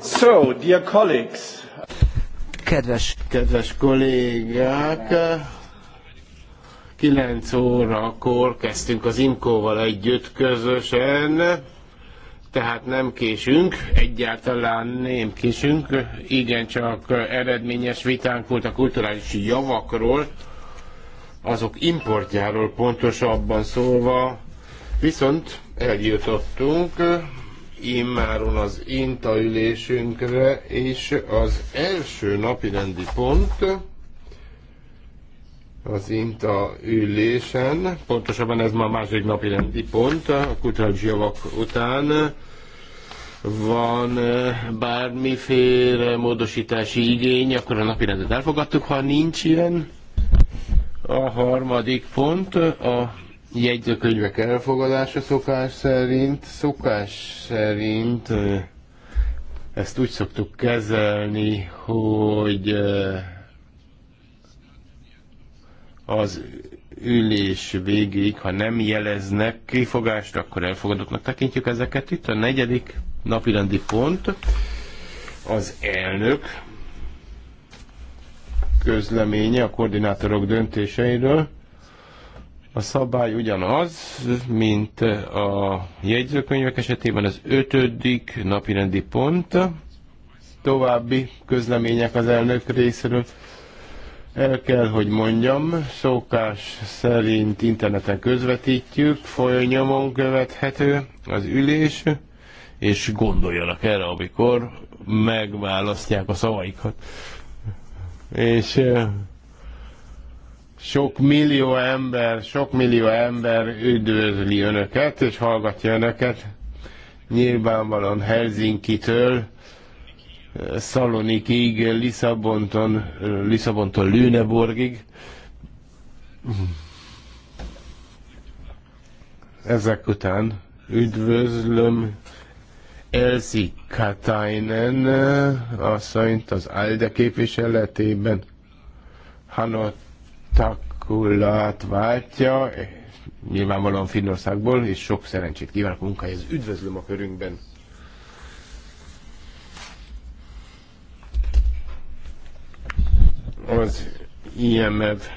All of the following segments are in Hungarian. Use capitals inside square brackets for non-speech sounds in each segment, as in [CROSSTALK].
So, dear colleagues. Kedves, kedves kollégák, 9 órakor kezdtünk az Imkóval együtt közösen, tehát nem késünk, egyáltalán nem késünk, igen, csak eredményes vitánk volt a kulturális javakról, azok importjáról pontosabban szólva, viszont eljutottunk immáron az INTA ülésünkre, és az első napi rendi pont az INTA ülésen, pontosabban ez már második napi rendi pont, a kulturális javak után, van eh, bármiféle módosítási igény, akkor a napi rendet elfogadtuk, ha nincs ilyen. A harmadik pont a jegyzőkönyvek elfogadása szokás szerint. Szokás szerint ezt úgy szoktuk kezelni, hogy az ülés végéig, ha nem jeleznek kifogást, akkor elfogadottnak tekintjük ezeket. Itt a negyedik napirendi pont az elnök közleménye a koordinátorok döntéseiről. A szabály ugyanaz, mint a jegyzőkönyvek esetében az ötödik napirendi pont. További közlemények az elnök részéről. El kell, hogy mondjam, szokás szerint interneten közvetítjük, folyamon követhető az ülés, és gondoljanak erre, amikor megválasztják a szavaikat. És eh, sok millió ember, sok millió ember üdvözli önöket, és hallgatja önöket. Nyilvánvalóan Helsinki-től Szalonikig, Lisszabonton, Lisszabontól Lüneborgig. Ezek után üdvözlöm Elsi Katainen asszonyt az ALDE képviseletében, Hanot Takulát váltja, nyilvánvalóan Finnországból, és sok szerencsét kívánok munkájához. Üdvözlöm a körünkben! Az IMF,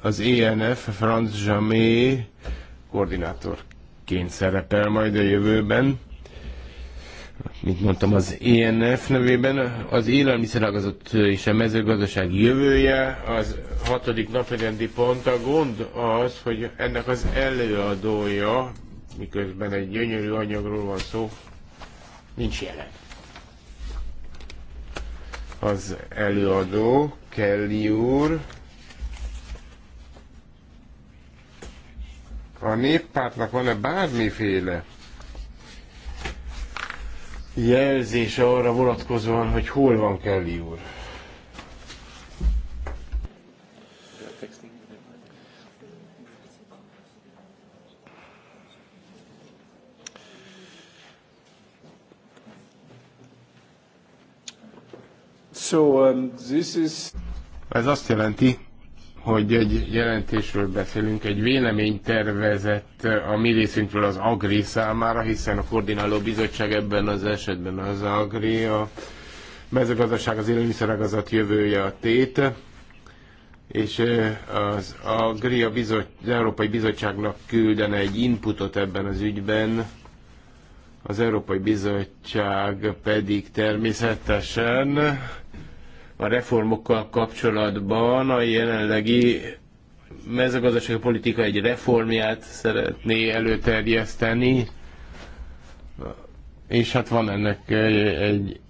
az ENF, Franz Jamé koordinátorként szerepel majd a jövőben mint mondtam, az ENF nevében az élelmiszeragazott és a mezőgazdaság jövője, az hatodik napirendi pont. A gond az, hogy ennek az előadója, miközben egy gyönyörű anyagról van szó, nincs jelen. Az előadó, Kelly úr, a néppártnak van-e bármiféle jelzése arra vonatkozóan, hogy hol van Kelly úr. So, um, this is... Ez azt jelenti, hogy egy jelentésről beszélünk, egy véleménytervezett a mi részünkről az Agri számára, hiszen a koordináló bizottság ebben az esetben az Agri, a mezőgazdaság az élelmiszeragazat jövője a tét, és az Agri a bizot, az Európai Bizottságnak küldene egy inputot ebben az ügyben, az Európai Bizottság pedig természetesen a reformokkal kapcsolatban a jelenlegi mezőgazdasági politika egy reformját szeretné előterjeszteni, és hát van ennek egy, egy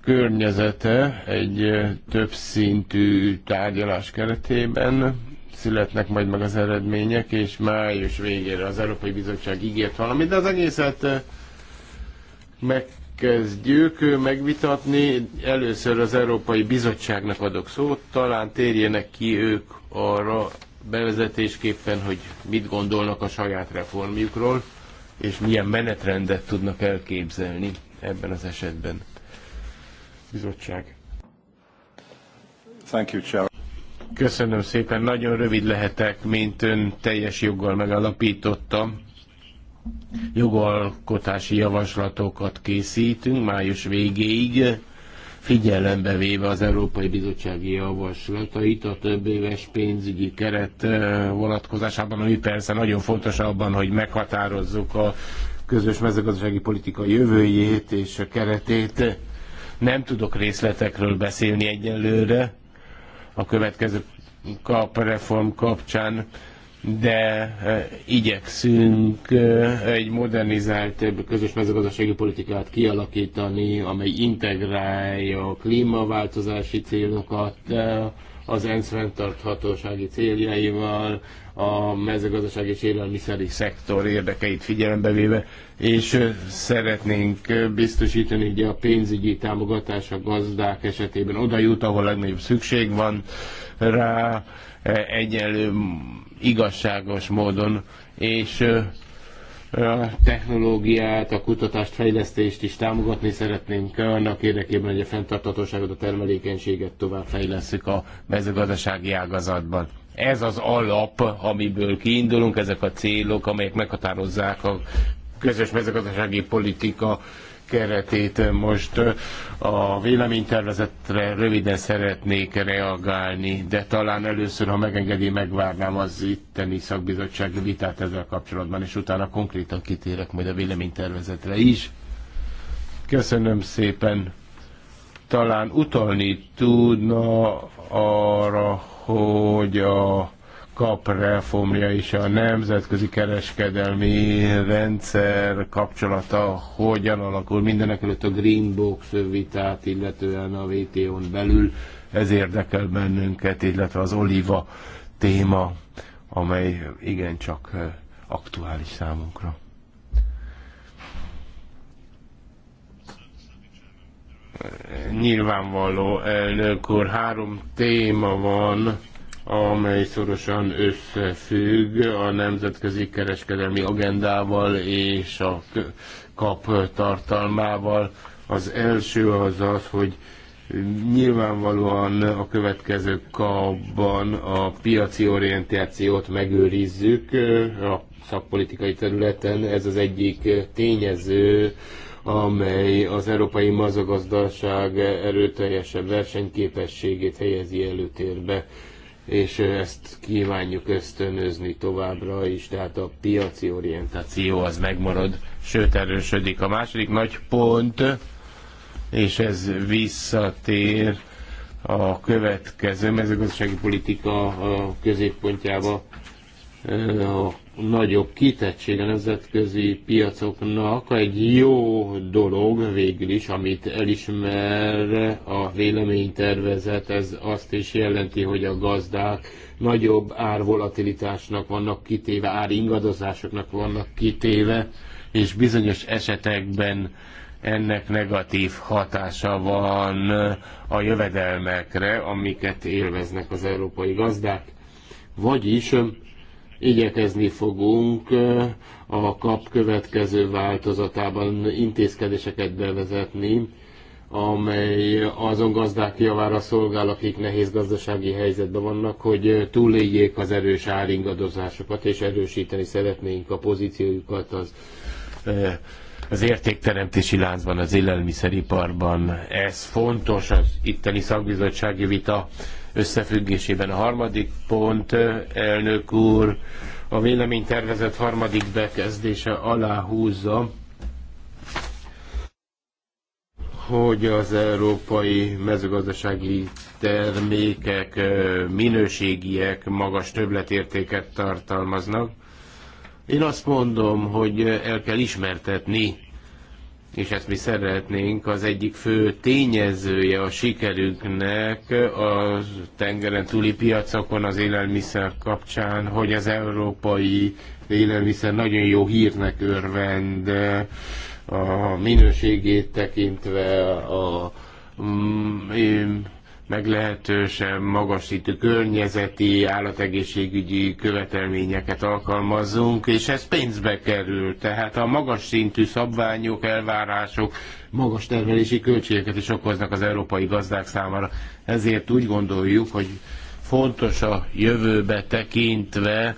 környezete egy többszintű tárgyalás keretében születnek majd meg az eredmények, és május végére az Európai Bizottság ígért valamit, de az egészet meg kezdjük megvitatni. Először az Európai Bizottságnak adok szót, talán térjenek ki ők arra bevezetésképpen, hogy mit gondolnak a saját reformjukról, és milyen menetrendet tudnak elképzelni ebben az esetben. Bizottság. Thank you, Charles. Köszönöm szépen, nagyon rövid lehetek, mint ön teljes joggal megalapította jogalkotási javaslatokat készítünk május végéig, figyelembe véve az Európai Bizottsági Javaslatait a több éves pénzügyi keret eh, vonatkozásában, ami persze nagyon fontos abban, hogy meghatározzuk a közös mezőgazdasági politika jövőjét és a keretét. Nem tudok részletekről beszélni egyelőre a következő kapreform kapcsán de eh, igyekszünk eh, egy modernizált közös mezőgazdasági politikát kialakítani, amely integrálja a klímaváltozási célokat, eh, az ENSZ fenntarthatósági céljaival, a mezőgazdaság és élelmiszeri szektor érdekeit figyelembe véve, és szeretnénk biztosítani, hogy a pénzügyi támogatás a gazdák esetében oda jut, ahol legnagyobb szükség van rá, Eh, egyenlő, igazságos módon, és eh, a technológiát, a kutatást, fejlesztést is támogatni szeretnénk annak érdekében, hogy a fenntartatóságot, a termelékenységet tovább fejleszük a mezőgazdasági ágazatban. Ez az alap, amiből kiindulunk, ezek a célok, amelyek meghatározzák a közös mezőgazdasági politika keretét. Most a véleménytervezetre röviden szeretnék reagálni, de talán először, ha megengedi, megvárnám az itteni szakbizottsági vitát ezzel kapcsolatban, és utána konkrétan kitérek majd a véleménytervezetre is. Köszönöm szépen. Talán utalni tudna arra, hogy a kap reformja és a nemzetközi kereskedelmi rendszer kapcsolata hogyan alakul. Mindenek előtt a Green Box vitát, illetően a WTO-n belül ez érdekel bennünket, illetve az oliva téma, amely igencsak aktuális számunkra. Nyilvánvaló, elnök úr, három téma van, amely szorosan összefügg a nemzetközi kereskedelmi agendával és a kap tartalmával. Az első az az, hogy nyilvánvalóan a következő kapban a piaci orientációt megőrizzük a szakpolitikai területen. Ez az egyik tényező, amely az európai mazagazdaság erőteljesebb versenyképességét helyezi előtérbe és ezt kívánjuk ösztönözni továbbra is, tehát a piaci orientáció az megmarad, sőt erősödik. A második nagy pont, és ez visszatér a következő mezőgazdasági politika a középpontjába, a nagyobb kitettség a nemzetközi piacoknak egy jó dolog végül is, amit elismer a véleménytervezet, ez azt is jelenti, hogy a gazdák nagyobb árvolatilitásnak vannak kitéve, áringadozásoknak vannak kitéve, és bizonyos esetekben ennek negatív hatása van a jövedelmekre, amiket élveznek az európai gazdák. Vagyis Igyekezni fogunk eh, a kap következő változatában intézkedéseket bevezetni, amely azon gazdák javára szolgál, akik nehéz gazdasági helyzetben vannak, hogy túléljék az erős áringadozásokat, és erősíteni szeretnénk a pozíciójukat az eh, az értékteremtési láncban, az élelmiszeriparban. Ez fontos, az itteni szakbizottsági vita összefüggésében. A harmadik pont, elnök úr, a véleménytervezet harmadik bekezdése alá húzza, hogy az európai mezőgazdasági termékek minőségiek magas többletértéket tartalmaznak. Én azt mondom, hogy el kell ismertetni és ezt mi szeretnénk, az egyik fő tényezője a sikerünknek a tengeren túli piacokon az élelmiszer kapcsán, hogy az európai élelmiszer nagyon jó hírnek örvend, a minőségét tekintve, a mm, meglehetősen magas szintű környezeti, állategészségügyi követelményeket alkalmazzunk, és ez pénzbe kerül. Tehát a magas szintű szabványok, elvárások magas termelési költségeket is okoznak az európai gazdák számára. Ezért úgy gondoljuk, hogy fontos a jövőbe tekintve,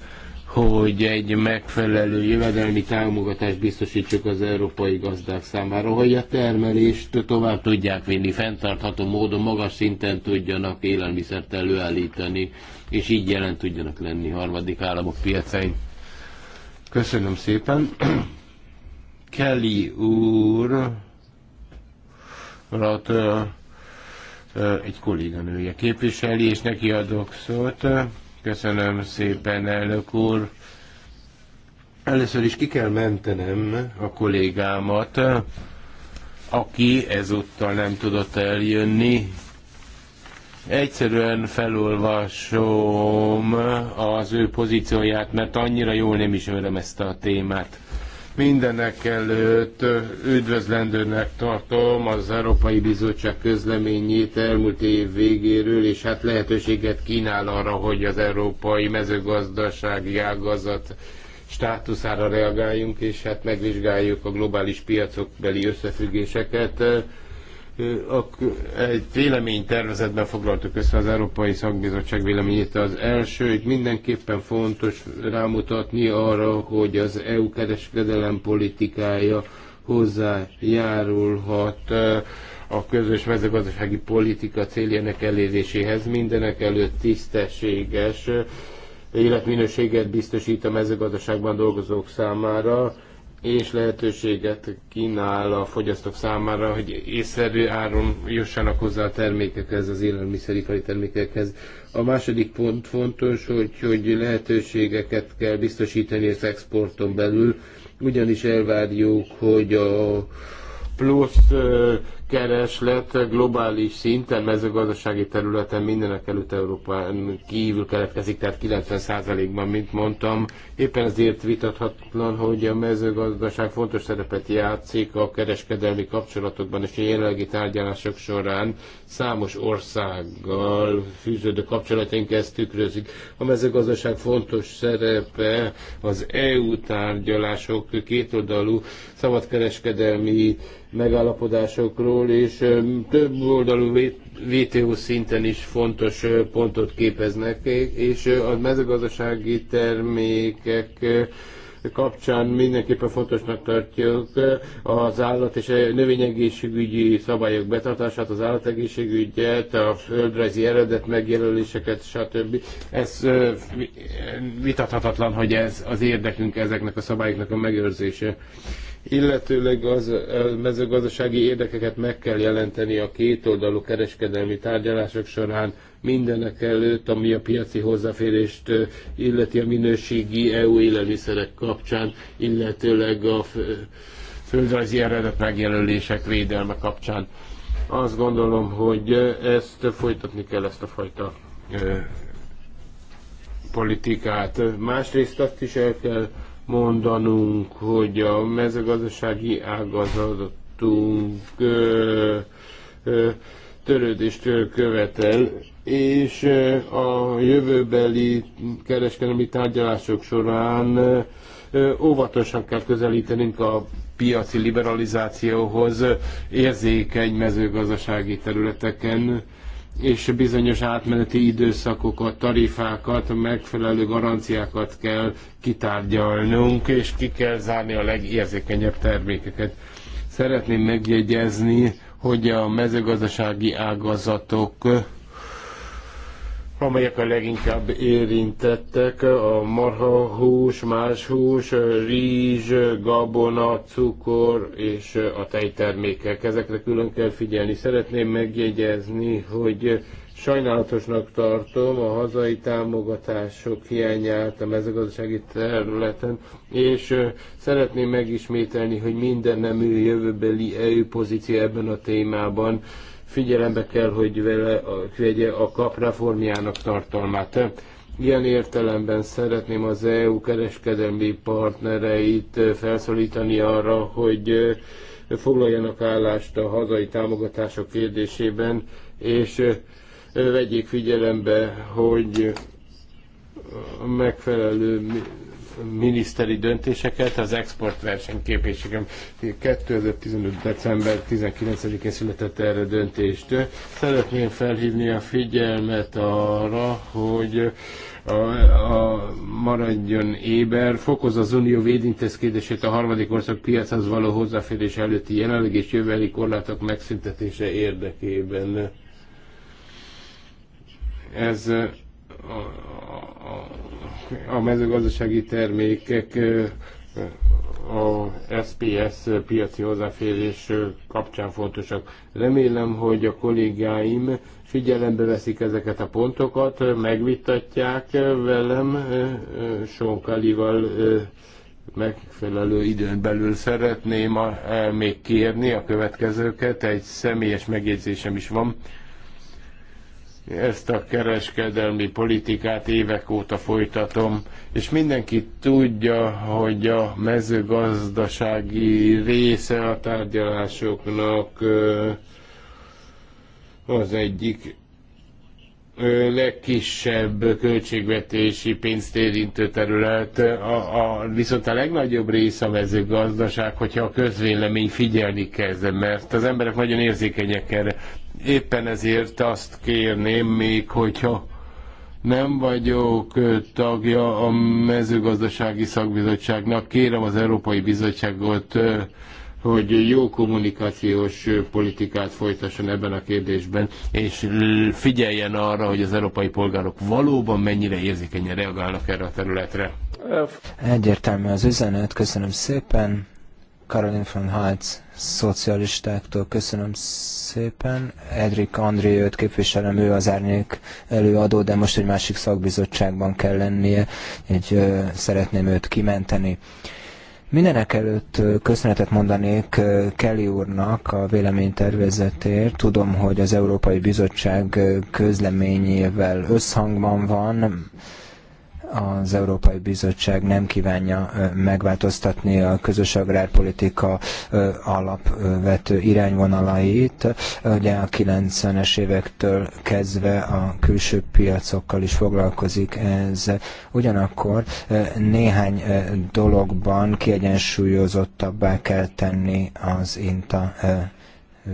hogy egy megfelelő jövedelmi támogatást biztosítsuk az európai gazdák számára, hogy a termelést tovább tudják vinni, fenntartható módon magas szinten tudjanak élelmiszert előállítani, és így jelen tudjanak lenni harmadik államok piacain. Köszönöm szépen. Kelly úr, urat, egy kolléganője képviseli, és neki adok szót. Köszönöm szépen, elnök úr. Először is ki kell mentenem a kollégámat, aki ezúttal nem tudott eljönni. Egyszerűen felolvasom az ő pozícióját, mert annyira jól nem ismerem ezt a témát. Mindenek előtt üdvözlendőnek tartom az Európai Bizottság közleményét elmúlt év végéről, és hát lehetőséget kínál arra, hogy az európai mezőgazdasági ágazat státuszára reagáljunk, és hát megvizsgáljuk a globális piacokbeli összefüggéseket egy véleménytervezetben foglaltuk össze az Európai Szakbizottság véleményét. Az első, hogy mindenképpen fontos rámutatni arra, hogy az EU kereskedelem politikája hozzájárulhat a közös mezőgazdasági politika céljának eléréséhez. Mindenek előtt tisztességes életminőséget biztosít a mezőgazdaságban dolgozók számára és lehetőséget kínál a fogyasztók számára, hogy észszerű áron jussanak hozzá a termékekhez, az élelmiszeripari termékekhez. A második pont fontos, hogy, hogy lehetőségeket kell biztosítani az exporton belül, ugyanis elvárjuk, hogy a plusz kereslet globális szinten, mezőgazdasági területen mindenek előtt Európán kívül keletkezik, tehát 90%-ban, mint mondtam. Éppen ezért vitathatlan, hogy a mezőgazdaság fontos szerepet játszik a kereskedelmi kapcsolatokban és a jelenlegi tárgyalások során számos országgal fűződő kapcsolataink ezt tükrözik. A mezőgazdaság fontos szerepe az EU tárgyalások kétoldalú szabadkereskedelmi megállapodásokról, és több oldalú VTO szinten is fontos pontot képeznek, és a mezőgazdasági termékek kapcsán mindenképpen fontosnak tartjuk az állat és a növényegészségügyi szabályok betartását, az állategészségügyet, a földrajzi eredet megjelöléseket, stb. Ez vitathatatlan, hogy ez az érdekünk ezeknek a szabályoknak a megőrzése illetőleg az mezőgazdasági érdekeket meg kell jelenteni a kétoldalú kereskedelmi tárgyalások során mindenek előtt, ami a piaci hozzáférést illeti a minőségi EU élelmiszerek kapcsán, illetőleg a földrajzi eredet megjelölések védelme kapcsán. Azt gondolom, hogy ezt folytatni kell, ezt a fajta politikát. Másrészt azt is el kell mondanunk, hogy a mezőgazdasági ágazatunk törődést követel, és a jövőbeli kereskedelmi tárgyalások során óvatosan kell közelítenünk a piaci liberalizációhoz érzékeny mezőgazdasági területeken és bizonyos átmeneti időszakokat, tarifákat, megfelelő garanciákat kell kitárgyalnunk, és ki kell zárni a legérzékenyebb termékeket. Szeretném megjegyezni, hogy a mezőgazdasági ágazatok amelyek a leginkább érintettek, a marhahús, más hús, rizs, gabona, cukor és a tejtermékek. Ezekre külön kell figyelni. Szeretném megjegyezni, hogy sajnálatosnak tartom a hazai támogatások hiányát a mezőgazdasági területen, és szeretném megismételni, hogy minden nemű jövőbeli EU pozíció ebben a témában figyelembe kell, hogy vele a, vegye a kap reformjának tartalmát. Ilyen értelemben szeretném az EU kereskedelmi partnereit eh, felszólítani arra, hogy eh, foglaljanak állást a hazai támogatások kérdésében, és eh, vegyék figyelembe, hogy megfelelő miniszteri döntéseket az export versenyképességem 2015. december 19-én született erre döntést. Szeretném felhívni a figyelmet arra, hogy a, a maradjon éber, fokoz az unió védintézkedését a harmadik ország piachoz való hozzáférés előtti jelenleg és jövőbeli korlátok megszüntetése érdekében. Ez a, a, a mezőgazdasági termékek a SPS piaci hozzáférés kapcsán fontosak. Remélem, hogy a kollégáim figyelembe veszik ezeket a pontokat, megvitatják velem, Sonkalival megfelelő időn belül szeretném még kérni a következőket. Egy személyes megjegyzésem is van ezt a kereskedelmi politikát évek óta folytatom, és mindenki tudja, hogy a mezőgazdasági része a tárgyalásoknak az egyik legkisebb költségvetési pénzt érintő terület, a, a, viszont a legnagyobb része a mezőgazdaság, hogyha a közvélemény figyelni kezd, mert az emberek nagyon érzékenyek erre. Éppen ezért azt kérném még, hogyha nem vagyok tagja a mezőgazdasági szakbizottságnak, kérem az Európai Bizottságot, hogy jó kommunikációs politikát folytasson ebben a kérdésben, és figyeljen arra, hogy az európai polgárok valóban mennyire érzékenyen reagálnak erre a területre. Egyértelmű az üzenet, köszönöm szépen. Karolin von Haltz szocialistáktól köszönöm szépen. Edrik Andriőt képviselem, ő az árnyék előadó, de most egy másik szakbizottságban kell lennie, egy ö, szeretném őt kimenteni. Mindenek előtt köszönetet mondanék Kelly úrnak a véleménytervezetért. Tudom, hogy az Európai Bizottság közleményével összhangban van, az Európai Bizottság nem kívánja megváltoztatni a közös agrárpolitika alapvető irányvonalait. Ugye a 90-es évektől kezdve a külső piacokkal is foglalkozik ez. Ugyanakkor néhány dologban kiegyensúlyozottabbá kell tenni az INTA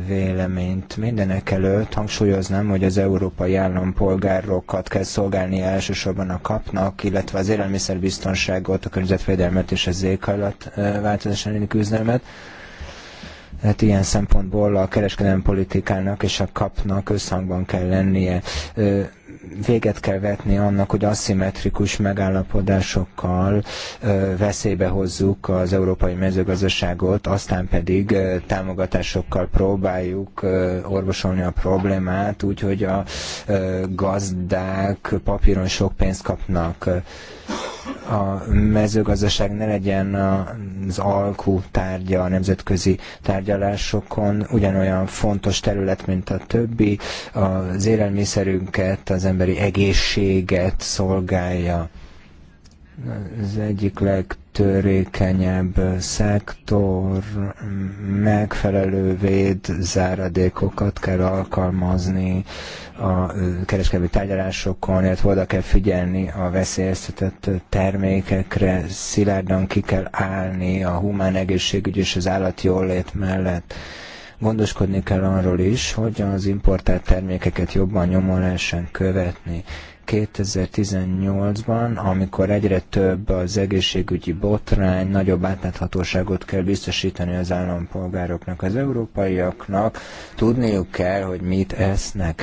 véleményt. Mindenek előtt hangsúlyoznám, hogy az európai állampolgárokat kell szolgálni elsősorban a kapnak, illetve az élelmiszerbiztonságot, a környezetvédelmet és az éghajlatváltozás elleni küzdelmet. Hát ilyen szempontból a kereskedelmi politikának és a kapnak összhangban kell lennie véget kell vetni annak, hogy aszimmetrikus megállapodásokkal veszélybe hozzuk az európai mezőgazdaságot, aztán pedig támogatásokkal próbáljuk orvosolni a problémát, úgyhogy a gazdák papíron sok pénzt kapnak a mezőgazdaság ne legyen az alkú tárgya a nemzetközi tárgyalásokon, ugyanolyan fontos terület, mint a többi, az élelmiszerünket, az emberi egészséget szolgálja. Az egyik leg törékenyebb szektor megfelelő véd záradékokat kell alkalmazni a kereskedelmi tárgyalásokon, illetve oda kell figyelni a veszélyeztetett termékekre, szilárdan ki kell állni a humán egészségügy és az állati jólét mellett. Gondoskodni kell arról is, hogy az importált termékeket jobban nyomon lehessen követni 2018-ban, amikor egyre több az egészségügyi botrány, nagyobb átláthatóságot kell biztosítani az állampolgároknak, az európaiaknak, tudniuk kell, hogy mit esznek.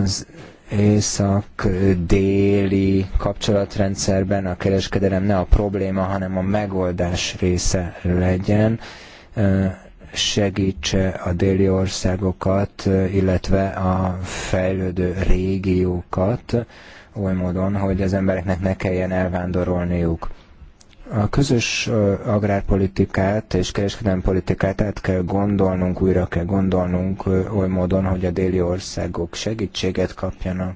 Az észak-déli kapcsolatrendszerben a kereskedelem ne a probléma, hanem a megoldás része legyen segítse a déli országokat, illetve a fejlődő régiókat oly módon, hogy az embereknek ne kelljen elvándorolniuk. A közös agrárpolitikát és kereskedelmi politikát át kell gondolnunk, újra kell gondolnunk oly módon, hogy a déli országok segítséget kapjanak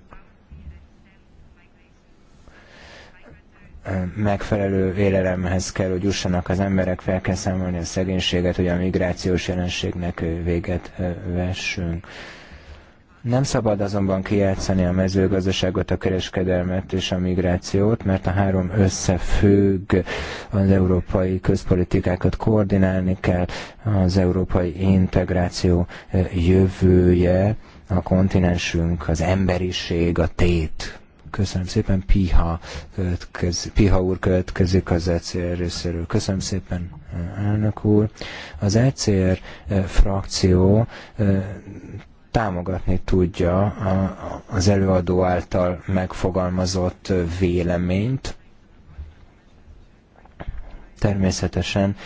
megfelelő vélelemhez kell, hogy jussanak az emberek, fel kell számolni a szegénységet, hogy a migrációs jelenségnek véget vessünk. Nem szabad azonban kijátszani a mezőgazdaságot, a kereskedelmet és a migrációt, mert a három összefügg, az európai közpolitikákat koordinálni kell, az európai integráció jövője, a kontinensünk, az emberiség, a tét. Köszönöm szépen, Piha, következ, Piha úr következik az ECR részéről. Köszönöm szépen, elnök úr. Az ECR eh, frakció eh, támogatni tudja az előadó által megfogalmazott eh, véleményt, Természetesen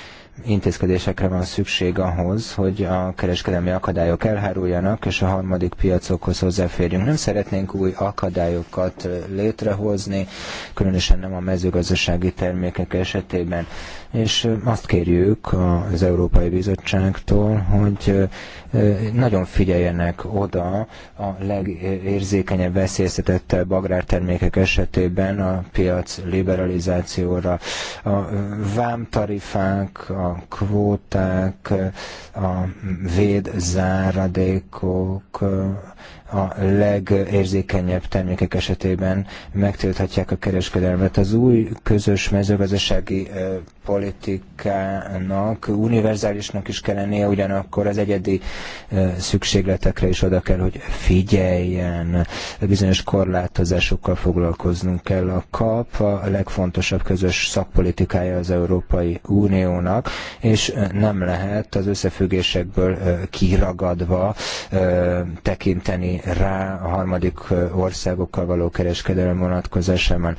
intézkedésekre van szükség ahhoz, hogy a kereskedelmi akadályok elháruljanak, és a harmadik piacokhoz hozzáférjünk. Nem szeretnénk új akadályokat létrehozni, különösen nem a mezőgazdasági termékek esetében. És azt kérjük az Európai Bizottságtól, hogy nagyon figyeljenek oda a legérzékenyebb veszélyeztetettebb agrártermékek esetében a piac liberalizációra. A vámtarifák, a kvóták, a védzáradékok, a legérzékenyebb termékek esetében megtilthatják a kereskedelmet. Az új közös mezőgazdasági politikának univerzálisnak is kell lennie, ugyanakkor az egyedi szükségletekre is oda kell, hogy figyeljen. Bizonyos korlátozásokkal foglalkoznunk kell. A KAP a legfontosabb közös szakpolitikája az Európai Uniónak, és nem lehet az összefüggésekből kiragadva tekinteni rá a harmadik országokkal való kereskedelem vonatkozásában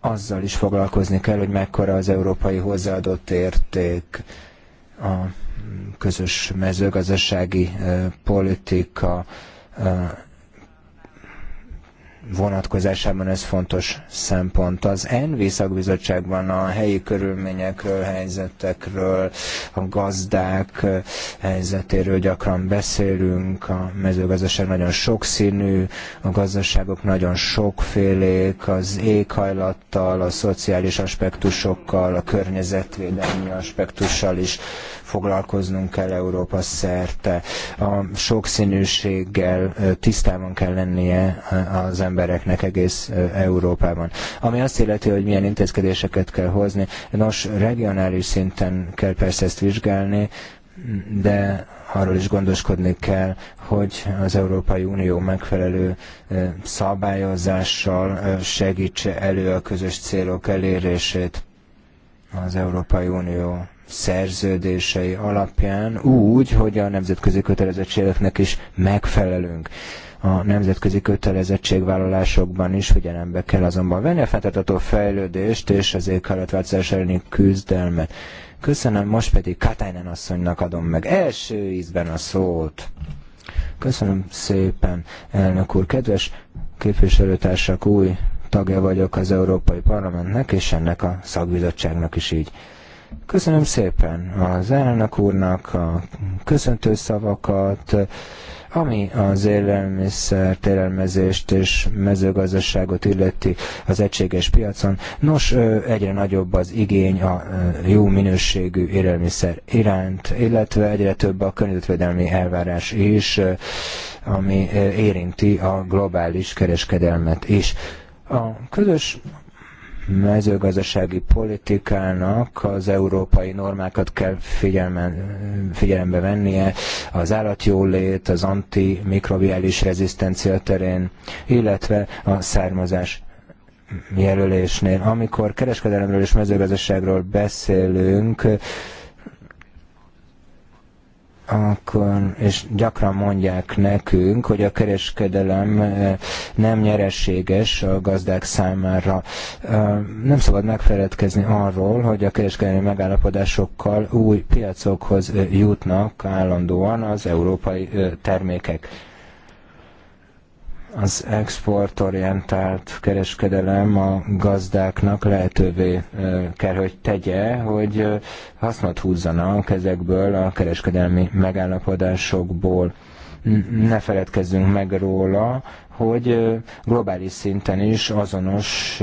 azzal is foglalkozni kell, hogy mekkora az európai hozzáadott érték a közös mezőgazdasági politika vonatkozásában ez fontos szempont. Az ENVI szakbizottságban a helyi körülményekről, helyzetekről, a gazdák helyzetéről gyakran beszélünk, a mezőgazdaság nagyon sokszínű, a gazdaságok nagyon sokfélék, az éghajlattal, a szociális aspektusokkal, a környezetvédelmi aspektussal is foglalkoznunk kell Európa szerte. A sokszínűséggel tisztában kell lennie az embereknek egész Európában. Ami azt illeti, hogy milyen intézkedéseket kell hozni. Nos, regionális szinten kell persze ezt vizsgálni, de arról is gondoskodni kell, hogy az Európai Unió megfelelő szabályozással segítse elő a közös célok elérését az Európai Unió szerződései alapján úgy, hogy a nemzetközi kötelezettségeknek is megfelelünk. A nemzetközi kötelezettségvállalásokban is figyelembe kell azonban venni a fenntartató fejlődést és az éghajlatváltozás elleni küzdelmet. Köszönöm, most pedig Katainen asszonynak adom meg első ízben a szót. Köszönöm szépen, elnök úr. Kedves képviselőtársak, új tagja vagyok az Európai Parlamentnek, és ennek a szakbizottságnak is így. Köszönöm szépen az elnök úrnak a köszöntő szavakat, ami az élelmiszer, térelmezést és mezőgazdaságot illeti az egységes piacon. Nos, egyre nagyobb az igény a jó minőségű élelmiszer iránt, illetve egyre több a környezetvédelmi elvárás is, ami érinti a globális kereskedelmet is. A közös mezőgazdasági politikának az európai normákat kell figyelmen, figyelembe vennie, az állatjólét, az antimikrobiális rezisztencia terén, illetve a származás jelölésnél. Amikor kereskedelemről és mezőgazdaságról beszélünk, akkor, és gyakran mondják nekünk, hogy a kereskedelem eh, nem nyereséges a gazdák számára. Eh, nem szabad megfeledkezni arról, hogy a kereskedelmi megállapodásokkal új piacokhoz eh, jutnak állandóan az európai termékek az exportorientált kereskedelem a gazdáknak lehetővé kell, hogy tegye, hogy hasznot húzzanak ezekből a kereskedelmi megállapodásokból. Ne feledkezzünk meg róla, hogy globális szinten is azonos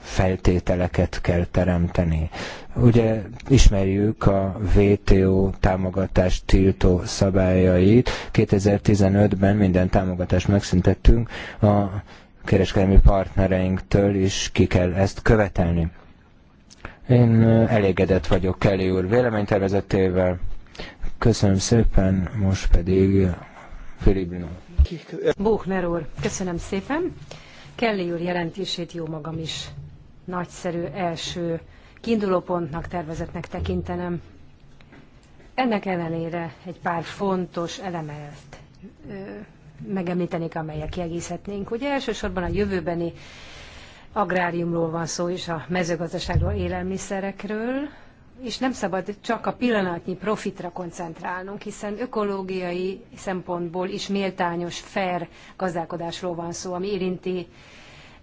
feltételeket kell teremteni. Ugye ismerjük a VTO támogatást tiltó szabályait. 2015-ben minden támogatást megszüntettünk, a kereskedelmi partnereinktől is ki kell ezt követelni. Én elégedett vagyok Kelly úr véleménytervezetével. Köszönöm szépen, most pedig Filibino. Buchner úr, köszönöm szépen. Kelly úr jelentését jó magam is nagyszerű első kiindulópontnak tervezetnek tekintenem. Ennek ellenére egy pár fontos elemet megemlítenék, amelyek kiegészhetnénk. Ugye elsősorban a jövőbeni agráriumról van szó, és a mezőgazdaságról, élelmiszerekről, és nem szabad csak a pillanatnyi profitra koncentrálnunk, hiszen ökológiai szempontból is méltányos, fair gazdálkodásról van szó, ami érinti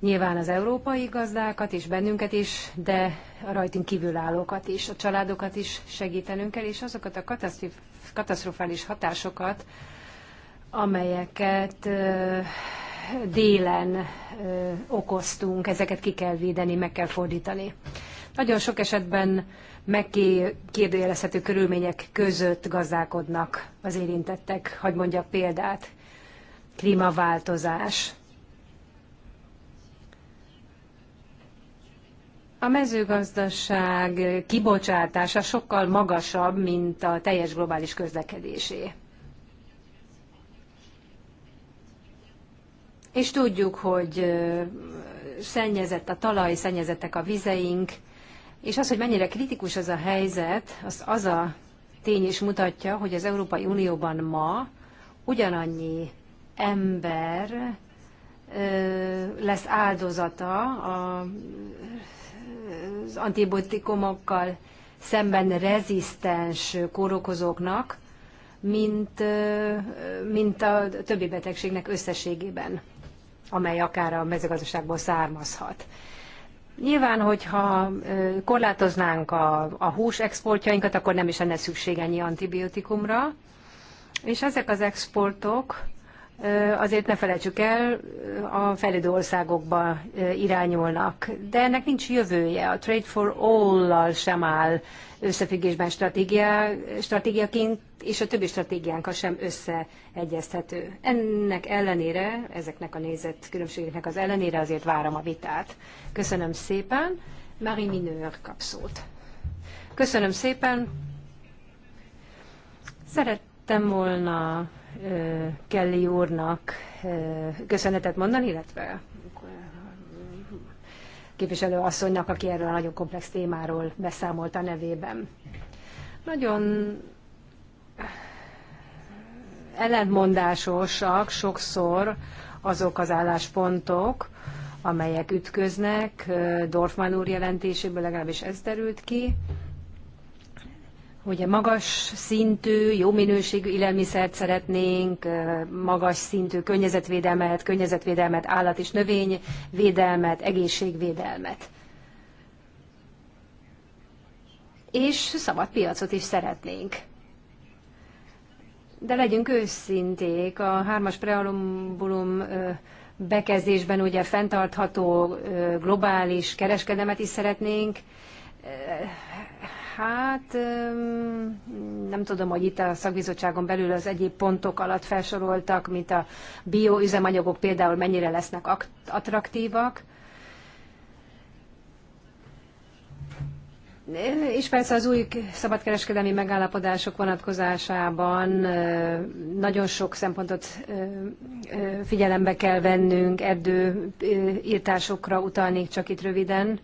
Nyilván az európai gazdákat és bennünket is, de a rajtunk kívülállókat is, a családokat is segítenünk kell, és azokat a katasztrofális hatásokat, amelyeket délen okoztunk, ezeket ki kell védeni, meg kell fordítani. Nagyon sok esetben megkérdőjelezhető körülmények között gazdálkodnak az érintettek. Hagy mondjak példát. Klímaváltozás, A mezőgazdaság kibocsátása sokkal magasabb, mint a teljes globális közlekedésé. És tudjuk, hogy szennyezett a talaj, szennyezettek a vizeink, és az, hogy mennyire kritikus ez a helyzet, az az a tény is mutatja, hogy az Európai Unióban ma ugyanannyi ember lesz áldozata a az antibiotikumokkal szemben rezisztens kórokozóknak, mint, mint a többi betegségnek összességében, amely akár a mezőgazdaságból származhat. Nyilván, hogyha korlátoznánk a, a hús exportjainkat, akkor nem is lenne szükség ennyi antibiotikumra, és ezek az exportok azért ne felejtsük el, a fejlődő országokba irányulnak. De ennek nincs jövője. A Trade for All-lal sem áll összefüggésben stratégia, stratégiaként, és a többi stratégiánk sem összeegyeztető. Ennek ellenére, ezeknek a nézet különbségeknek az ellenére azért várom a vitát. Köszönöm szépen. Marie Minőr kap szót. Köszönöm szépen. Szerettem volna Kelly úrnak köszönetet mondani, illetve képviselő asszonynak, aki erről a nagyon komplex témáról beszámolt a nevében. Nagyon ellentmondásosak sokszor azok az álláspontok, amelyek ütköznek, Dorfman úr jelentéséből legalábbis ez derült ki, hogy magas szintű, jó minőségű élelmiszert szeretnénk, magas szintű környezetvédelmet, környezetvédelmet, állat- és növényvédelmet, egészségvédelmet. És szabad piacot is szeretnénk. De legyünk őszinték, a hármas preambulum bekezdésben ugye fenntartható globális kereskedelmet is szeretnénk, Hát nem tudom, hogy itt a szakbizottságon belül az egyéb pontok alatt felsoroltak, mint a bioüzemanyagok például mennyire lesznek attraktívak. És persze az új szabadkereskedelmi megállapodások vonatkozásában nagyon sok szempontot figyelembe kell vennünk, erdőírtásokra utalnék csak itt röviden.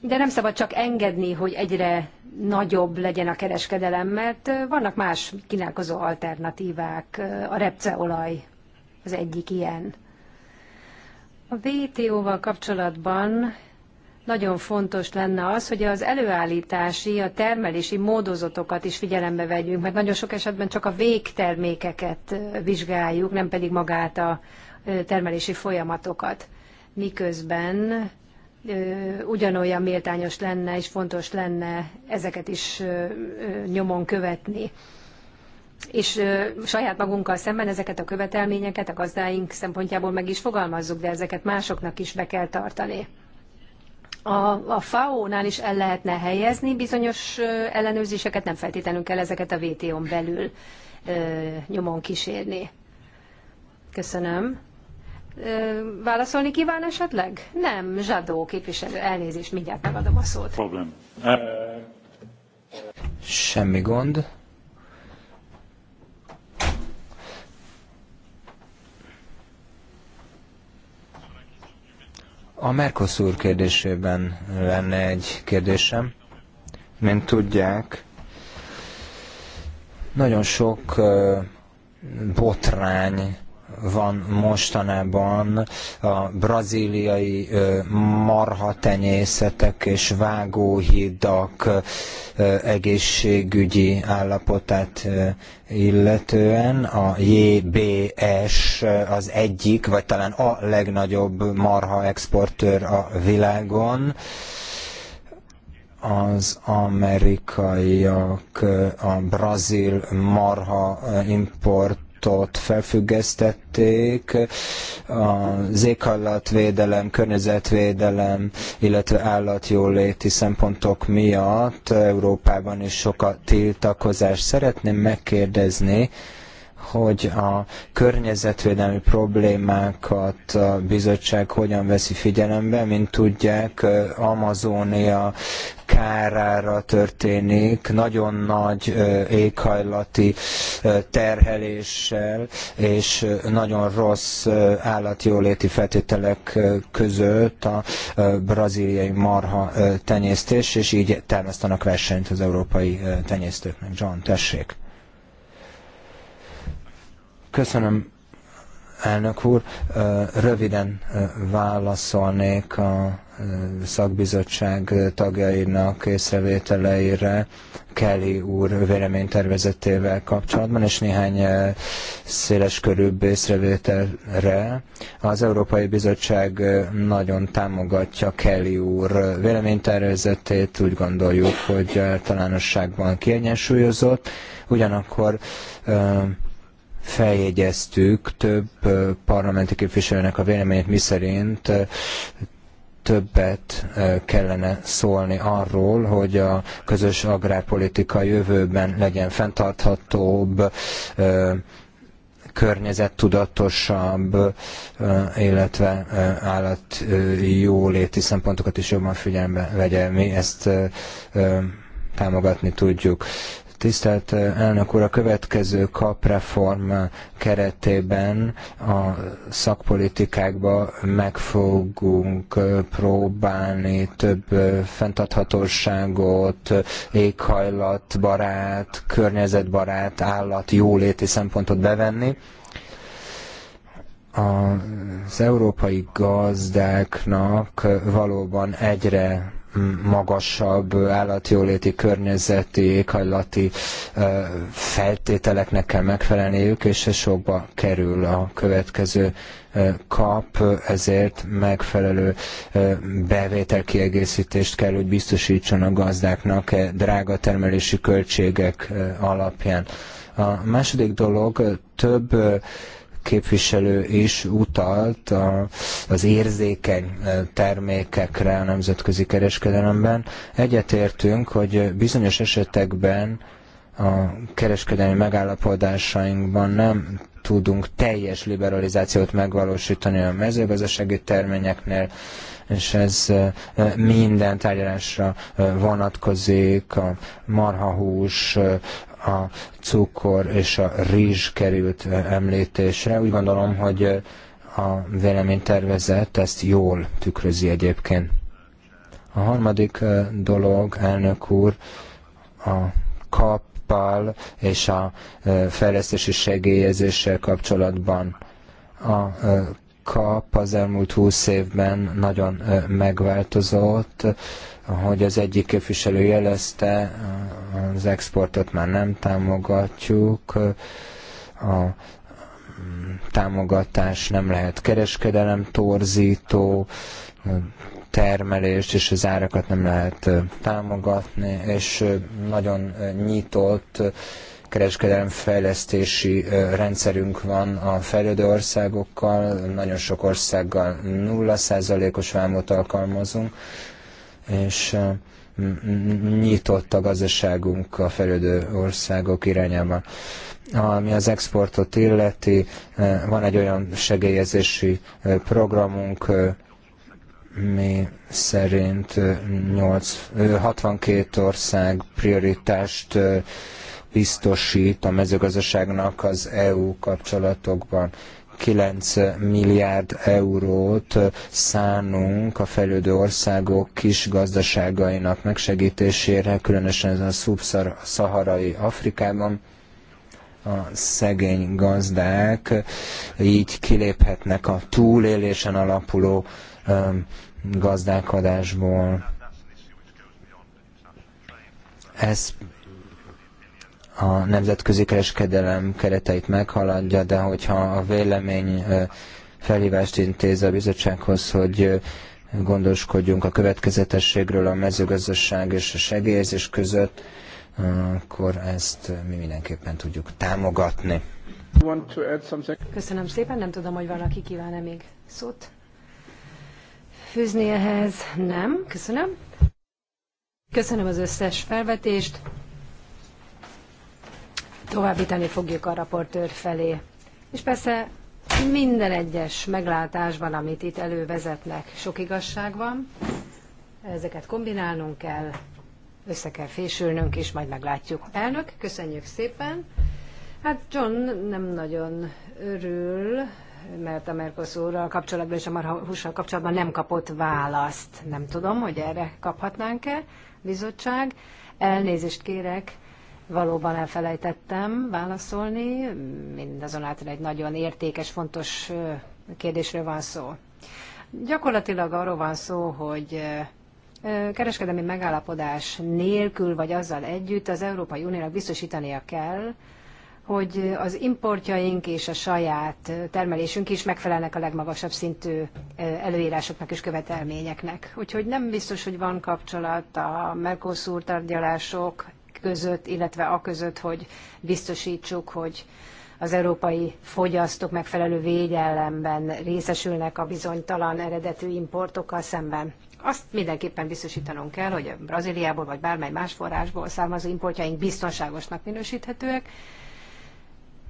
de nem szabad csak engedni, hogy egyre nagyobb legyen a kereskedelem, mert vannak más kínálkozó alternatívák, a repceolaj az egyik ilyen. A WTO-val kapcsolatban nagyon fontos lenne az, hogy az előállítási, a termelési módozatokat is figyelembe vegyünk, mert nagyon sok esetben csak a végtermékeket vizsgáljuk, nem pedig magát a termelési folyamatokat. Miközben ugyanolyan méltányos lenne és fontos lenne ezeket is nyomon követni. És saját magunkkal szemben ezeket a követelményeket a gazdáink szempontjából meg is fogalmazzuk, de ezeket másoknak is be kell tartani. A, a FAO-nál is el lehetne helyezni bizonyos ellenőrzéseket, nem feltétlenül kell ezeket a WTO-n belül ö, nyomon kísérni. Köszönöm válaszolni kíván esetleg? Nem, Zsadó képviselő, elnézést, mindjárt megadom a szót. Problem. Semmi gond. A Mercosur kérdésében lenne egy kérdésem. Mint tudják, nagyon sok botrány van mostanában a braziliai marhatenyészetek és vágóhidak egészségügyi állapotát illetően. A JBS az egyik, vagy talán a legnagyobb marha exportőr a világon az amerikaiak a brazil marha import folyamatot felfüggesztették, az éghajlatvédelem, környezetvédelem, illetve állatjóléti szempontok miatt Európában is sok a tiltakozás. Szeretném megkérdezni, hogy a környezetvédelmi problémákat a bizottság hogyan veszi figyelembe, mint tudják, Amazónia kárára történik, nagyon nagy éghajlati terheléssel és nagyon rossz állatjóléti feltételek között a braziliai marha tenyésztés, és így termesztenek versenyt az európai tenyésztőknek. John, tessék! Köszönöm, elnök úr. Röviden válaszolnék a szakbizottság tagjainak észrevételeire Kelly úr véleménytervezetével kapcsolatban, és néhány széles körűbb észrevételre. Az Európai Bizottság nagyon támogatja Kelly úr véleménytervezetét, úgy gondoljuk, hogy általánosságban kiegyensúlyozott, ugyanakkor feljegyeztük több parlamenti képviselőnek a véleményét, miszerint többet kellene szólni arról, hogy a közös agrárpolitika jövőben legyen fenntarthatóbb, környezettudatosabb, illetve állatjóléti szempontokat is jobban figyelembe vegye. Mi ezt támogatni tudjuk. Tisztelt eh, elnök úr, a következő kapreform eh, keretében a szakpolitikákba meg fogunk eh, próbálni több fenntarthatóságot, éghajlatbarát, környezetbarát, állat jóléti szempontot bevenni az európai gazdáknak valóban egyre magasabb állatjóléti, környezeti, éghajlati feltételeknek kell megfelelniük, és ez sokba kerül a következő kap, ezért megfelelő bevételkiegészítést kell, hogy biztosítson a gazdáknak e drága termelési költségek alapján. A második dolog több képviselő is utalt a, az érzékeny eh, termékekre a nemzetközi kereskedelemben. Egyetértünk, hogy bizonyos esetekben a kereskedelmi megállapodásainkban nem tudunk teljes liberalizációt megvalósítani a mezőgazdasági terményeknél, és ez eh, minden tárgyalásra eh, vonatkozik, a marhahús, a cukor és a rizs került e, említésre. Úgy gondolom, hogy e, a véleménytervezet ezt jól tükrözi egyébként. A harmadik e, dolog, elnök úr, a kappal és a fejlesztési segélyezéssel kapcsolatban. A kap az elmúlt húsz évben nagyon megváltozott, ahogy az egyik képviselő jelezte, az exportot már nem támogatjuk, a mm, támogatás nem lehet kereskedelem torzító, termelést és az árakat nem lehet támogatni, és nagyon nyitott kereskedelemfejlesztési rendszerünk van a fejlődő országokkal, nagyon sok országgal 0%-os vámot alkalmazunk, és nyitott a gazdaságunk a fejlődő országok irányába. Ami az exportot illeti, van egy olyan segélyezési programunk, mi szerint 8, 62 ország prioritást biztosít a mezőgazdaságnak az EU kapcsolatokban. 9 milliárd eurót szánunk a fejlődő országok kis gazdaságainak megsegítésére, különösen a szubszaharai Afrikában a szegény gazdák így kiléphetnek a túlélésen alapuló gazdálkodásból. Ez a nemzetközi kereskedelem kereteit meghaladja, de hogyha a vélemény felhívást intéz a bizottsághoz, hogy gondoskodjunk a következetességről a mezőgazdaság és a segélyezés között, akkor ezt mi mindenképpen tudjuk támogatni. Köszönöm szépen, nem tudom, hogy valaki kíván-e még szót fűzni ehhez. Nem, köszönöm. Köszönöm az összes felvetést továbbítani fogjuk a raportőr felé. És persze minden egyes meglátásban, amit itt elővezetnek, sok igazság van. Ezeket kombinálnunk kell, össze kell fésülnünk, és majd meglátjuk. Elnök, köszönjük szépen. Hát John nem nagyon örül, mert a Mercosurral kapcsolatban és a marhahussal kapcsolatban nem kapott választ. Nem tudom, hogy erre kaphatnánk-e bizottság. Elnézést kérek Valóban elfelejtettem válaszolni, mindazonáltal egy nagyon értékes, fontos kérdésről van szó. Gyakorlatilag arról van szó, hogy kereskedelmi megállapodás nélkül vagy azzal együtt az Európai Uniónak biztosítania kell, hogy az importjaink és a saját termelésünk is megfelelnek a legmagasabb szintű előírásoknak és követelményeknek. Úgyhogy nem biztos, hogy van kapcsolat a Mercosur tárgyalások között, illetve a között, hogy biztosítsuk, hogy az európai fogyasztók megfelelő védelemben részesülnek a bizonytalan eredetű importokkal szemben. Azt mindenképpen biztosítanunk kell, hogy a Brazíliából vagy bármely más forrásból származó importjaink biztonságosnak minősíthetőek,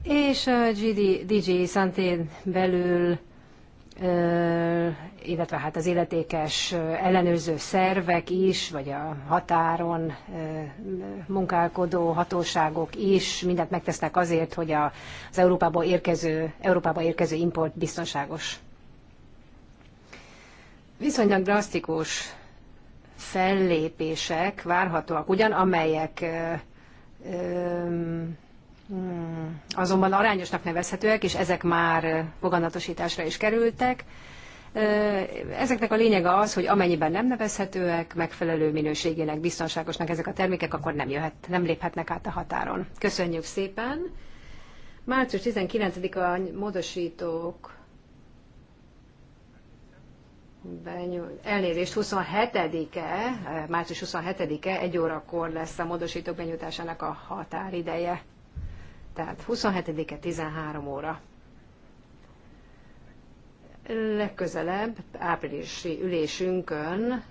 és a GD, DJ Santén belül illetve hát az életékes ellenőrző szervek is, vagy a határon munkálkodó hatóságok is mindent megtesznek azért, hogy az Európába érkező, Európába érkező import biztonságos. Viszonylag drasztikus fellépések várhatóak ugyan, amelyek Hmm. azonban arányosnak nevezhetőek, és ezek már foganatosításra is kerültek. Ezeknek a lényege az, hogy amennyiben nem nevezhetőek, megfelelő minőségének, biztonságosnak ezek a termékek, akkor nem, jöhet, nem léphetnek át a határon. Köszönjük szépen! Március 19-a módosítók Elnézést, 27-e, március 27-e, egy órakor lesz a módosítók benyújtásának a határideje tehát 27-e 13 óra. Legközelebb áprilisi ülésünkön,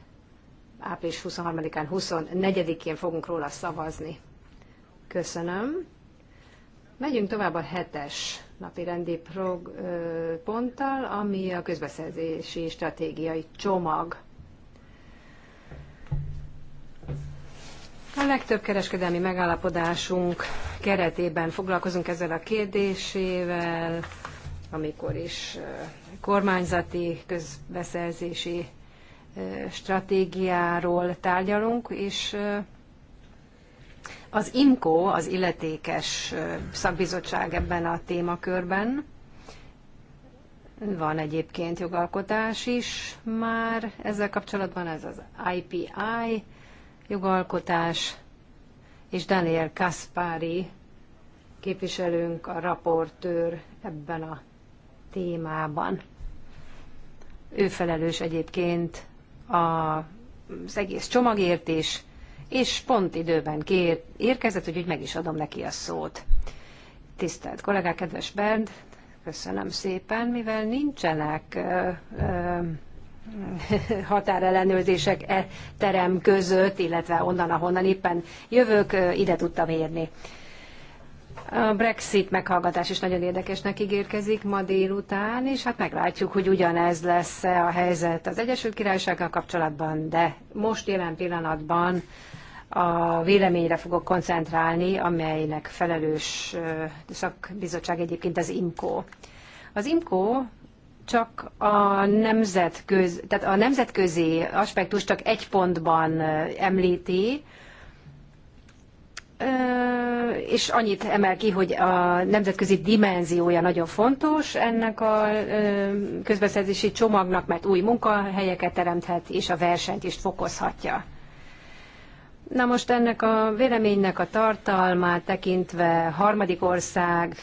április 23-án, 24-én fogunk róla szavazni. Köszönöm. Megyünk tovább a hetes napi rendi ponttal, ami a közbeszerzési stratégiai csomag. A legtöbb kereskedelmi megállapodásunk keretében foglalkozunk ezzel a kérdésével, amikor is kormányzati, közbeszerzési stratégiáról tárgyalunk, és az IMCO, az illetékes szakbizottság ebben a témakörben, van egyébként jogalkotás is már ezzel kapcsolatban, ez az IPI, jogalkotás, és Daniel Kaspári képviselőnk, a raportőr ebben a témában. Ő felelős egyébként a, az egész csomagért is, és pont időben kér, érkezett, úgyhogy meg is adom neki a szót. Tisztelt kollégák, kedves Bernd, köszönöm szépen, mivel nincsenek ö, ö, [LAUGHS] határellenőrzések e terem között, illetve onnan, ahonnan éppen jövök, ide tudtam érni. A Brexit meghallgatás is nagyon érdekesnek ígérkezik ma délután, és hát meglátjuk, hogy ugyanez lesz -e a helyzet az Egyesült Királysággal kapcsolatban, de most jelen pillanatban a véleményre fogok koncentrálni, amelynek felelős szakbizottság egyébként az IMCO. Az IMCO csak a nemzetköz, tehát a nemzetközi aspektus csak egy pontban említi, és annyit emel ki, hogy a nemzetközi dimenziója nagyon fontos ennek a közbeszerzési csomagnak, mert új munkahelyeket teremthet, és a versenyt is fokozhatja. Na most ennek a véleménynek a tartalmát tekintve harmadik ország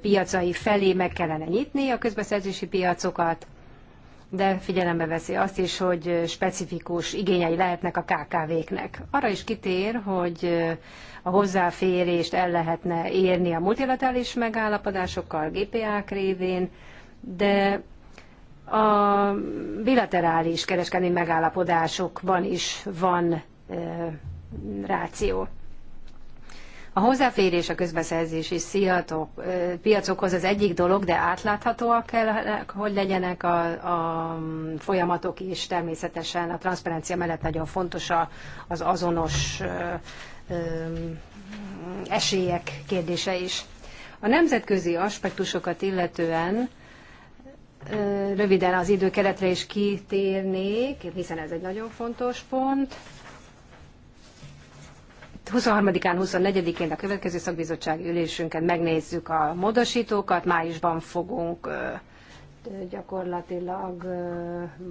piacai felé meg kellene nyitni a közbeszerzési piacokat, de figyelembe veszi azt is, hogy specifikus igényei lehetnek a KKV-knek. Arra is kitér, hogy a hozzáférést el lehetne érni a multilaterális megállapodásokkal, GPA-k révén, de a bilaterális kereskedelmi megállapodásokban is van ráció. A hozzáférés a közbeszerzési sziatok, piacokhoz az egyik dolog, de átláthatóak kell, hogy legyenek a, a folyamatok, és természetesen a transzparencia mellett nagyon fontos az azonos ö, ö, esélyek kérdése is. A nemzetközi aspektusokat illetően ö, röviden az időkeretre is kitérnék, hiszen ez egy nagyon fontos pont. 23-án, 24-én a következő szakbizottsági ülésünkön megnézzük a módosítókat, májusban fogunk gyakorlatilag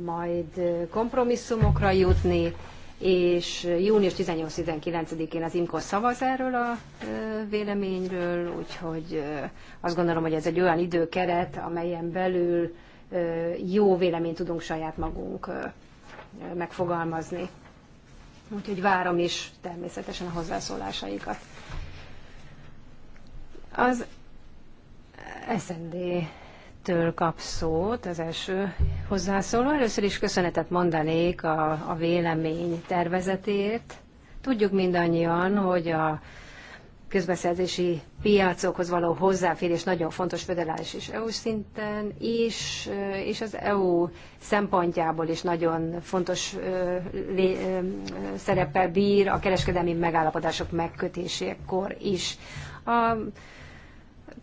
majd kompromisszumokra jutni, és június 18-19-én az IMKO szavaz erről a véleményről, úgyhogy azt gondolom, hogy ez egy olyan időkeret, amelyen belül jó véleményt tudunk saját magunk megfogalmazni. Úgyhogy várom is természetesen a hozzászólásaikat. Az SND-től kap szót az első hozzászóló. Először is köszönetet mondanék a, a vélemény tervezetért. Tudjuk mindannyian, hogy a közbeszerzési piacokhoz való hozzáférés nagyon fontos föderális és EU szinten is, és az EU szempontjából is nagyon fontos szereppel bír a kereskedelmi megállapodások megkötésekor is. A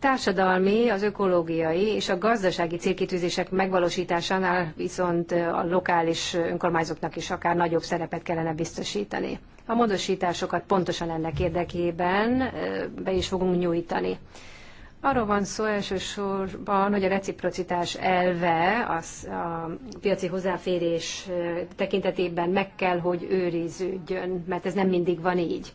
társadalmi, az ökológiai és a gazdasági célkitűzések megvalósításánál viszont a lokális önkormányzatoknak is akár nagyobb szerepet kellene biztosítani. A módosításokat pontosan ennek érdekében be is fogunk nyújtani. Arról van szó elsősorban, hogy a reciprocitás elve az a piaci hozzáférés tekintetében meg kell, hogy őriződjön, mert ez nem mindig van így.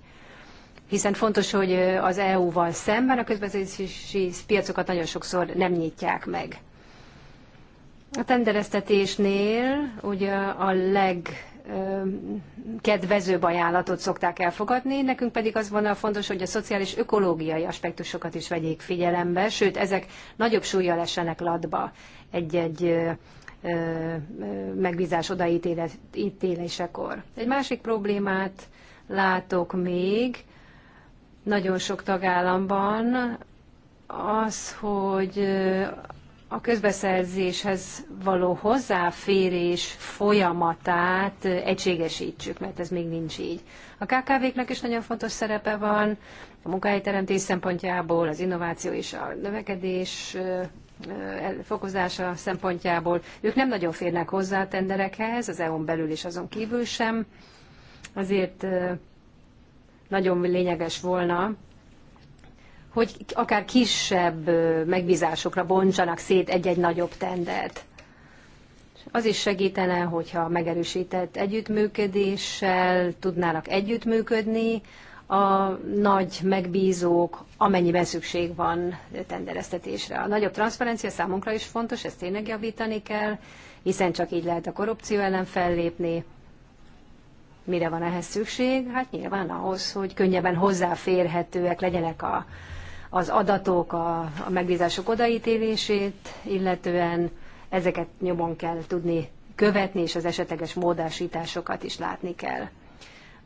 Hiszen fontos, hogy az EU-val szemben a közbeszerzési piacokat nagyon sokszor nem nyitják meg. A tendereztetésnél ugye a leg kedvezőbb ajánlatot szokták elfogadni, nekünk pedig az volna fontos, hogy a szociális ökológiai aspektusokat is vegyék figyelembe, sőt, ezek nagyobb súlyjal essenek latba egy-egy megbízás odaítélésekor. Egy másik problémát látok még nagyon sok tagállamban, az, hogy a közbeszerzéshez való hozzáférés folyamatát egységesítsük, mert ez még nincs így. A kkv knek is nagyon fontos szerepe van, a munkahelyteremtés szempontjából, az innováció és a növekedés fokozása szempontjából. Ők nem nagyon férnek hozzá a tenderekhez, az EU-n belül és azon kívül sem. Azért nagyon lényeges volna, hogy akár kisebb megbízásokra bontsanak szét egy-egy nagyobb tendert. Az is segítene, hogyha megerősített együttműködéssel tudnának együttműködni a nagy megbízók, amennyiben szükség van tendereztetésre. A nagyobb transzparencia számunkra is fontos, ezt tényleg javítani kell, hiszen csak így lehet a korrupció ellen fellépni. Mire van ehhez szükség? Hát nyilván ahhoz, hogy könnyebben hozzáférhetőek legyenek a az adatok, a, a megbízások odaítélését, illetően ezeket nyomon kell tudni követni, és az esetleges módásításokat is látni kell.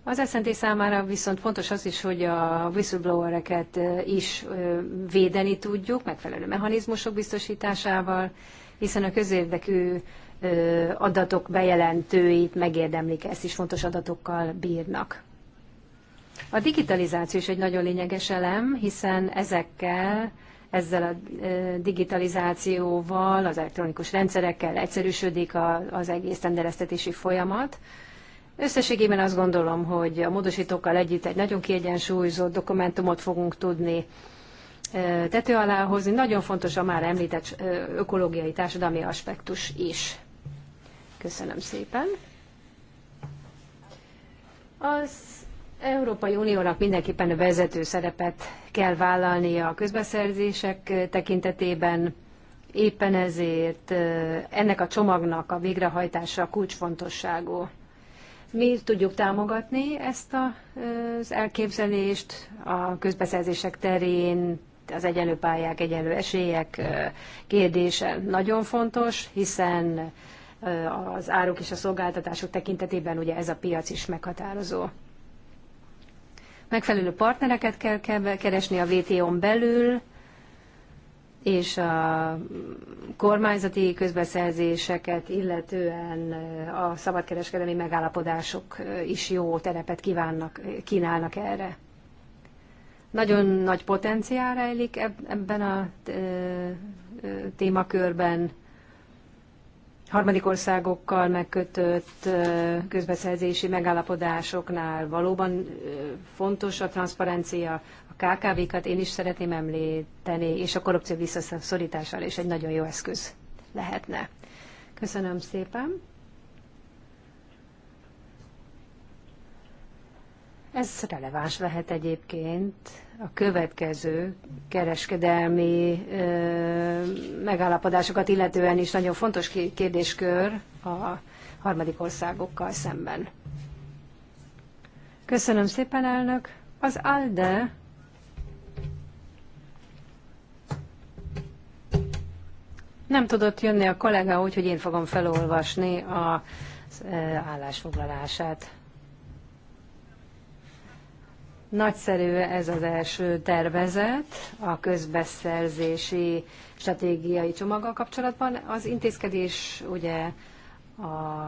Az SZNT számára viszont fontos az is, hogy a whistleblowereket is védeni tudjuk, megfelelő mechanizmusok biztosításával, hiszen a közérdekű adatok bejelentőit megérdemlik, ezt is fontos adatokkal bírnak. A digitalizáció is egy nagyon lényeges elem, hiszen ezekkel, ezzel a digitalizációval, az elektronikus rendszerekkel egyszerűsödik az egész tendereztetési folyamat. Összességében azt gondolom, hogy a módosítókkal együtt egy nagyon kiegyensúlyozott dokumentumot fogunk tudni tető alá hozni. Nagyon fontos a már említett ökológiai társadalmi aspektus is. Köszönöm szépen. Az Európai Uniónak mindenképpen a vezető szerepet kell vállalnia a közbeszerzések tekintetében. Éppen ezért ennek a csomagnak a végrehajtása kulcsfontosságú. Mi tudjuk támogatni ezt az elképzelést a közbeszerzések terén, az egyenlő pályák, egyenlő esélyek kérdése nagyon fontos, hiszen az áruk és a szolgáltatások tekintetében ugye ez a piac is meghatározó. Megfelelő partnereket kell keresni a vto n belül, és a kormányzati közbeszerzéseket, illetően eh, a szabadkereskedelmi megállapodások eh, is jó terepet kívánnak, eh, kínálnak erre. Nagyon nagy potenciál rejlik ebben a témakörben harmadik országokkal megkötött közbeszerzési megállapodásoknál valóban fontos a transzparencia, a KKV-kat én is szeretném említeni, és a korrupció visszaszorítására is egy nagyon jó eszköz lehetne. Köszönöm szépen! Ez releváns lehet egyébként a következő kereskedelmi megállapodásokat illetően is nagyon fontos kérdéskör a harmadik országokkal szemben. Köszönöm szépen, elnök. Az ALDE nem tudott jönni a kollega, úgyhogy én fogom felolvasni az állásfoglalását. Nagyszerű ez az első tervezet a közbeszerzési stratégiai csomaggal kapcsolatban. Az intézkedés ugye a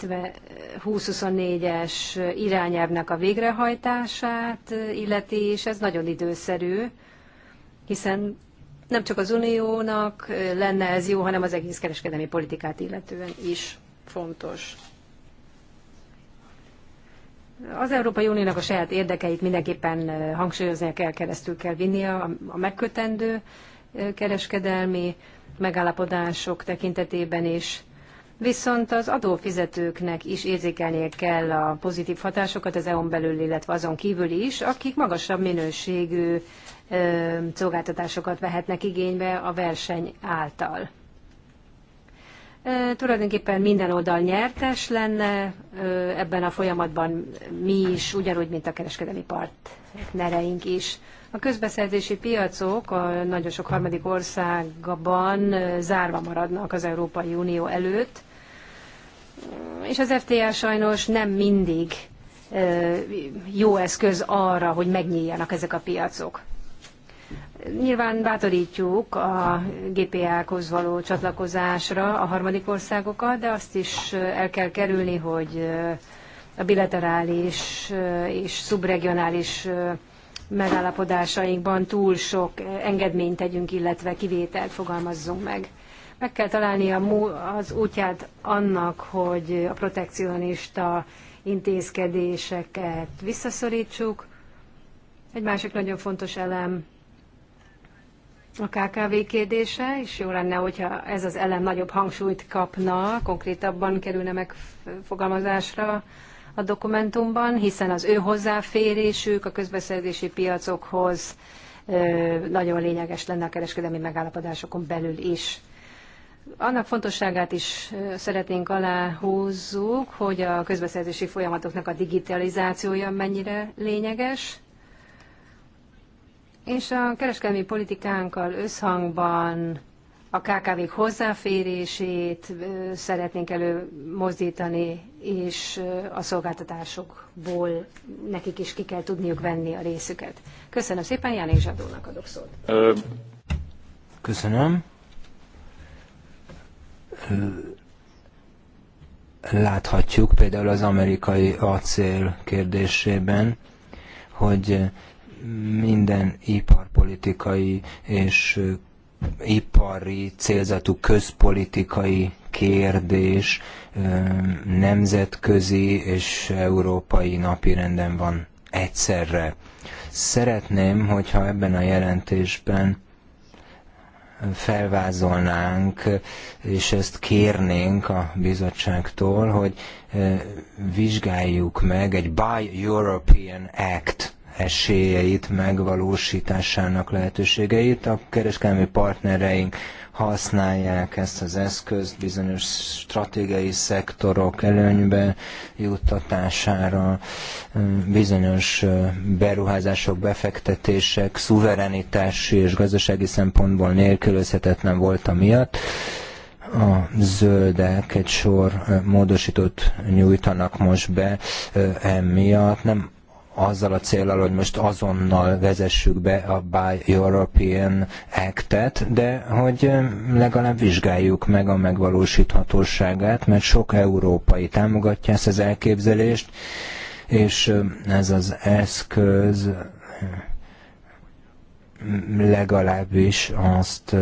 2024-es irányelvnek a végrehajtását illeti, és ez nagyon időszerű, hiszen nem csak az uniónak lenne ez jó, hanem az egész kereskedelmi politikát illetően is fontos. Az Európai Uniónak a saját érdekeit mindenképpen hangsúlyoznia kell, keresztül kell vinnie a, megkötendő kereskedelmi megállapodások tekintetében is. Viszont az adófizetőknek is érzékelnie kell a pozitív hatásokat az EU-n belül, illetve azon kívül is, akik magasabb minőségű ö, szolgáltatásokat vehetnek igénybe a verseny által. Tulajdonképpen minden oldal nyertes lenne ebben a folyamatban mi is, ugyanúgy, mint a kereskedelmi partnereink is. A közbeszerzési piacok a nagyon sok harmadik országban zárva maradnak az Európai Unió előtt, és az FTA sajnos nem mindig jó eszköz arra, hogy megnyíljanak ezek a piacok. Nyilván bátorítjuk a GPA-hoz való csatlakozásra a harmadik országokat, de azt is el kell kerülni, hogy a bilaterális és szubregionális megállapodásainkban túl sok engedményt tegyünk, illetve kivételt fogalmazzunk meg. Meg kell találni az útját annak, hogy a protekcionista intézkedéseket visszaszorítsuk. Egy másik nagyon fontos elem a KKV kérdése, és jó lenne, hogyha ez az elem nagyobb hangsúlyt kapna, konkrétabban kerülne megfogalmazásra a dokumentumban, hiszen az ő hozzáférésük a közbeszerzési piacokhoz nagyon lényeges lenne a kereskedelmi megállapodásokon belül is. Annak fontosságát is szeretnénk aláhúzzuk, hogy a közbeszerzési folyamatoknak a digitalizációja mennyire lényeges, és a kereskedelmi politikánkkal összhangban a KKV-k hozzáférését szeretnénk előmozdítani, és a szolgáltatásokból nekik is ki kell tudniuk venni a részüket. Köszönöm szépen, Jánik Zsadónak adok szót. Köszönöm. Láthatjuk például az amerikai acél kérdésében, hogy minden iparpolitikai és ipari célzatú közpolitikai kérdés nemzetközi és európai napirenden van egyszerre. Szeretném, hogyha ebben a jelentésben felvázolnánk, és ezt kérnénk a bizottságtól, hogy vizsgáljuk meg egy Buy European Act esélyeit, megvalósításának lehetőségeit. A kereskedelmi partnereink használják ezt az eszközt bizonyos stratégiai szektorok előnybe juttatására, bizonyos beruházások, befektetések, szuverenitási és gazdasági szempontból nélkülözhetetlen volt amiatt a zöldek egy sor módosított nyújtanak most be emiatt. Nem azzal a célral, hogy most azonnal vezessük be a Buy European Act-et, de hogy legalább vizsgáljuk meg a megvalósíthatóságát, mert sok európai támogatja ezt az elképzelést, és ez az eszköz legalábbis azt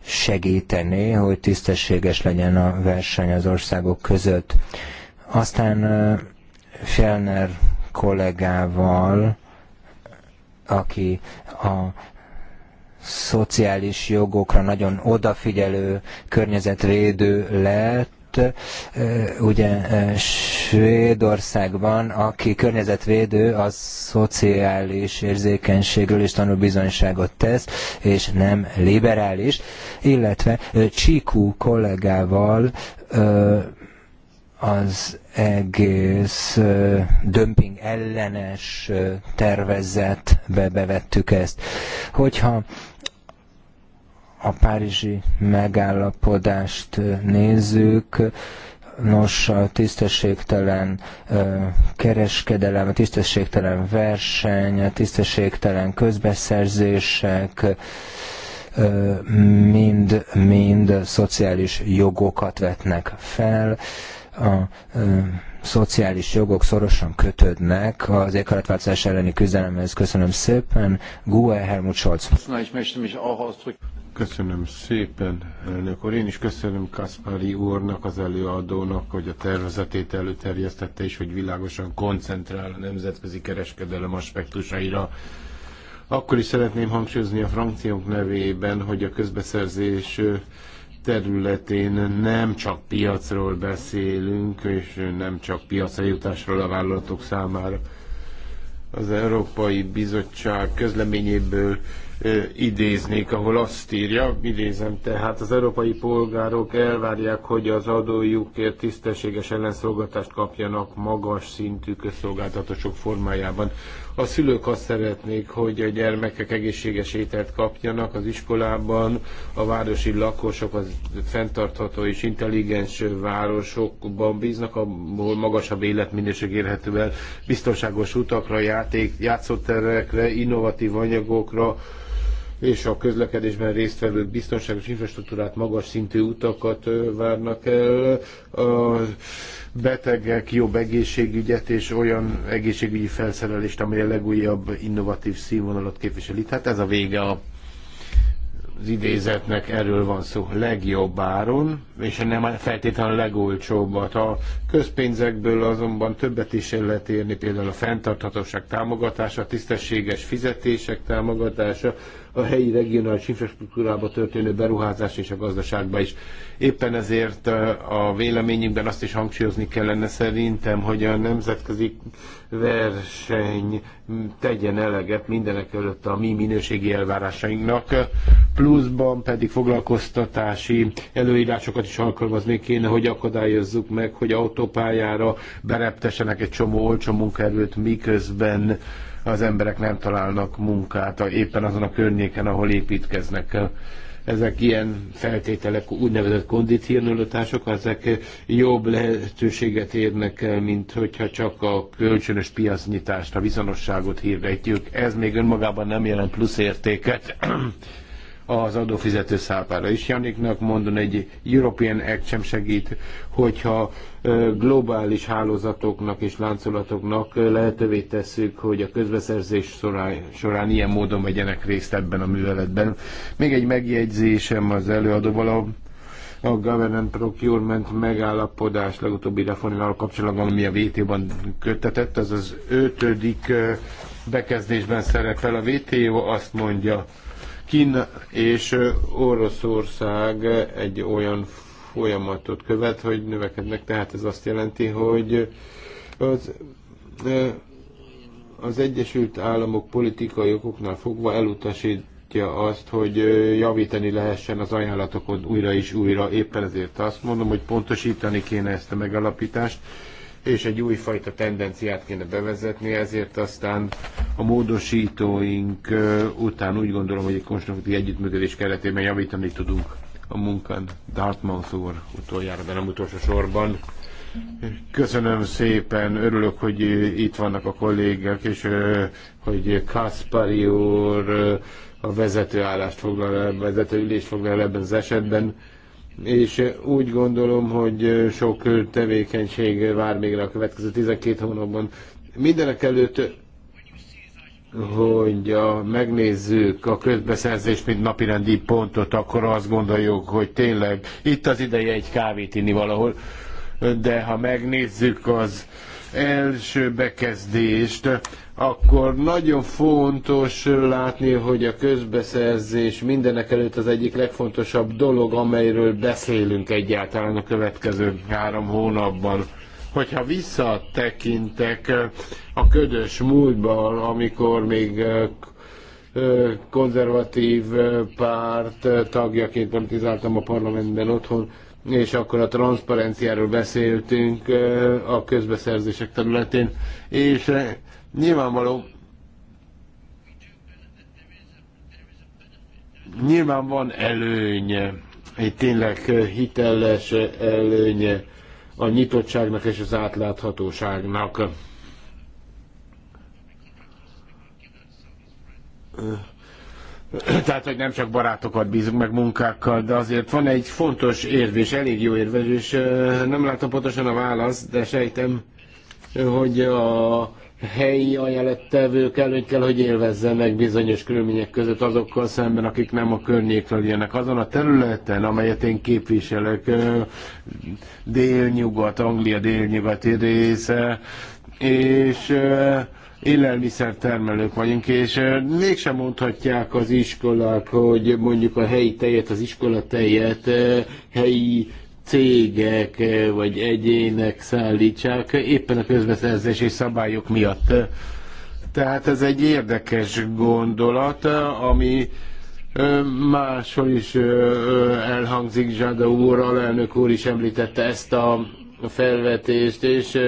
segítené, hogy tisztességes legyen a verseny az országok között. Aztán Fjellner kollégával, aki a szociális jogokra nagyon odafigyelő környezetvédő lett, ugye Svédországban, aki környezetvédő, az szociális érzékenységről is tanulbizonyságot tesz, és nem liberális, illetve Csikú kollégával az egész dömping ellenes tervezetbe bevettük ezt. Hogyha a párizsi megállapodást nézzük, nos a tisztességtelen kereskedelem, a tisztességtelen verseny, a tisztességtelen közbeszerzések, mind-mind szociális jogokat vetnek fel, a szociális jogok szorosan kötődnek az éghajlatváltozás elleni küzdelemhez. Köszönöm szépen. Gue Helmut Scholz. Köszönöm szépen, elnök úr. Én is köszönöm Kaspari úrnak, az előadónak, hogy a tervezetét előterjesztette, és hogy világosan koncentrál a nemzetközi kereskedelem aspektusaira. Akkor is szeretném hangsúlyozni a frankciónk nevében, hogy a közbeszerzés területén nem csak piacról beszélünk, és nem csak piacra jutásról a vállalatok számára. Az Európai Bizottság közleményéből idéznék, ahol azt írja, idézem, tehát az európai polgárok elvárják, hogy az adójukért tisztességes ellenszolgatást kapjanak magas szintű közszolgáltatások formájában. A szülők azt szeretnék, hogy a gyermekek egészséges ételt kapjanak az iskolában, a városi lakosok az fenntartható és intelligens városokban bíznak, ahol magasabb életminőség érhető el, biztonságos utakra, játék, játszóterekre, innovatív anyagokra, és a közlekedésben résztvevők biztonságos infrastruktúrát, magas szintű utakat várnak el, a betegek jobb egészségügyet és olyan egészségügyi felszerelést, amely a legújabb innovatív színvonalat képviseli. Tehát ez a vége a az idézetnek erről van szó, legjobb áron, és nem feltétlenül a legolcsóbbat. A közpénzekből azonban többet is el lehet érni, például a fenntarthatóság támogatása, a tisztességes fizetések támogatása, a helyi regionális infrastruktúrába történő beruházás és a gazdaságba is. Éppen ezért a véleményünkben azt is hangsúlyozni kellene szerintem, hogy a nemzetközi verseny tegyen eleget mindenek előtt a mi minőségi elvárásainknak, pluszban pedig foglalkoztatási előírásokat is alkalmazni kéne, hogy akadályozzuk meg, hogy autópályára bereptesenek egy csomó olcsó munkaerőt, miközben az emberek nem találnak munkát éppen azon a környéken, ahol építkeznek. Ezek ilyen feltételek, úgynevezett kondicionalitások, ezek jobb lehetőséget érnek el, mint hogyha csak a kölcsönös piacnyitást, a viszonosságot hirdetjük. Ez még önmagában nem jelent plusz értéket az adófizető szápára. És Janiknak mondom, egy European Act sem segít, hogyha globális hálózatoknak és láncolatoknak lehetővé tesszük, hogy a közbeszerzés során, során ilyen módon vegyenek részt ebben a műveletben. Még egy megjegyzésem az előadóval a a Government Procurement megállapodás legutóbbi reformjával kapcsolatban, ami a vt ban kötetett, az az ötödik bekezdésben szerepel. A VTO, azt mondja, Kína és Oroszország egy olyan folyamatot követ, hogy növekednek. Tehát ez azt jelenti, hogy az, az Egyesült Államok politikai okoknál fogva elutasítja azt, hogy javítani lehessen az ajánlatokon újra és újra. Éppen ezért azt mondom, hogy pontosítani kéne ezt a megalapítást, és egy újfajta tendenciát kéne bevezetni, ezért aztán a módosítóink után úgy gondolom, hogy egy konstruktív együttműködés keretében javítani tudunk a munkán. Dartmouth úr utoljára, de nem utolsó sorban. Köszönöm szépen, örülök, hogy itt vannak a kollégák, és hogy Kaspari úr a vezető állást foglal a vezető ülést foglal ebben az esetben, és úgy gondolom, hogy sok tevékenység vár még a következő 12 hónapban. Mindenek előtt hogy a, megnézzük a közbeszerzést, mint napirendi pontot, akkor azt gondoljuk, hogy tényleg itt az ideje egy kávét inni valahol, de ha megnézzük az első bekezdést, akkor nagyon fontos látni, hogy a közbeszerzés mindenek előtt az egyik legfontosabb dolog, amelyről beszélünk egyáltalán a következő három hónapban Hogyha visszatekintek eh, a ködös múltban, amikor még eh, eh, konzervatív párt tagjaként politizáltam a parlamentben otthon, és akkor a transzparenciáról beszéltünk a közbeszerzések területén, és nyilvánvaló, nyilván van előnye, egy tényleg hiteles előnye a nyitottságnak és az átláthatóságnak. Tehát, hogy nem csak barátokat bízunk meg munkákkal, de azért van egy fontos érvés, elég jó érvés, és nem látom pontosan a választ, de sejtem, hogy a helyi ajánlattevők előtt kell, hogy meg bizonyos körülmények között azokkal szemben, akik nem a környékről jönnek. Azon a területen, amelyet én képviselek, délnyugat, Anglia délnyugati része, és élelmiszertermelők vagyunk, és mégsem mondhatják az iskolák, hogy mondjuk a helyi tejet, az iskola tejet helyi cégek vagy egyének szállítsák, éppen a közbeszerzési szabályok miatt. Tehát ez egy érdekes gondolat, ami máshol is elhangzik, Zsáda úr, alelnök úr is említette ezt a felvetést, és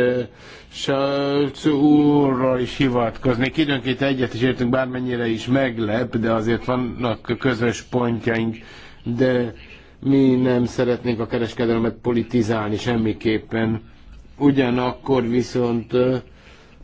Sajc úrral is hivatkoznék. Időnként egyet is értünk, bármennyire is meglep, de azért vannak közös pontjaink, de mi nem szeretnénk a kereskedelmet politizálni semmiképpen. Ugyanakkor viszont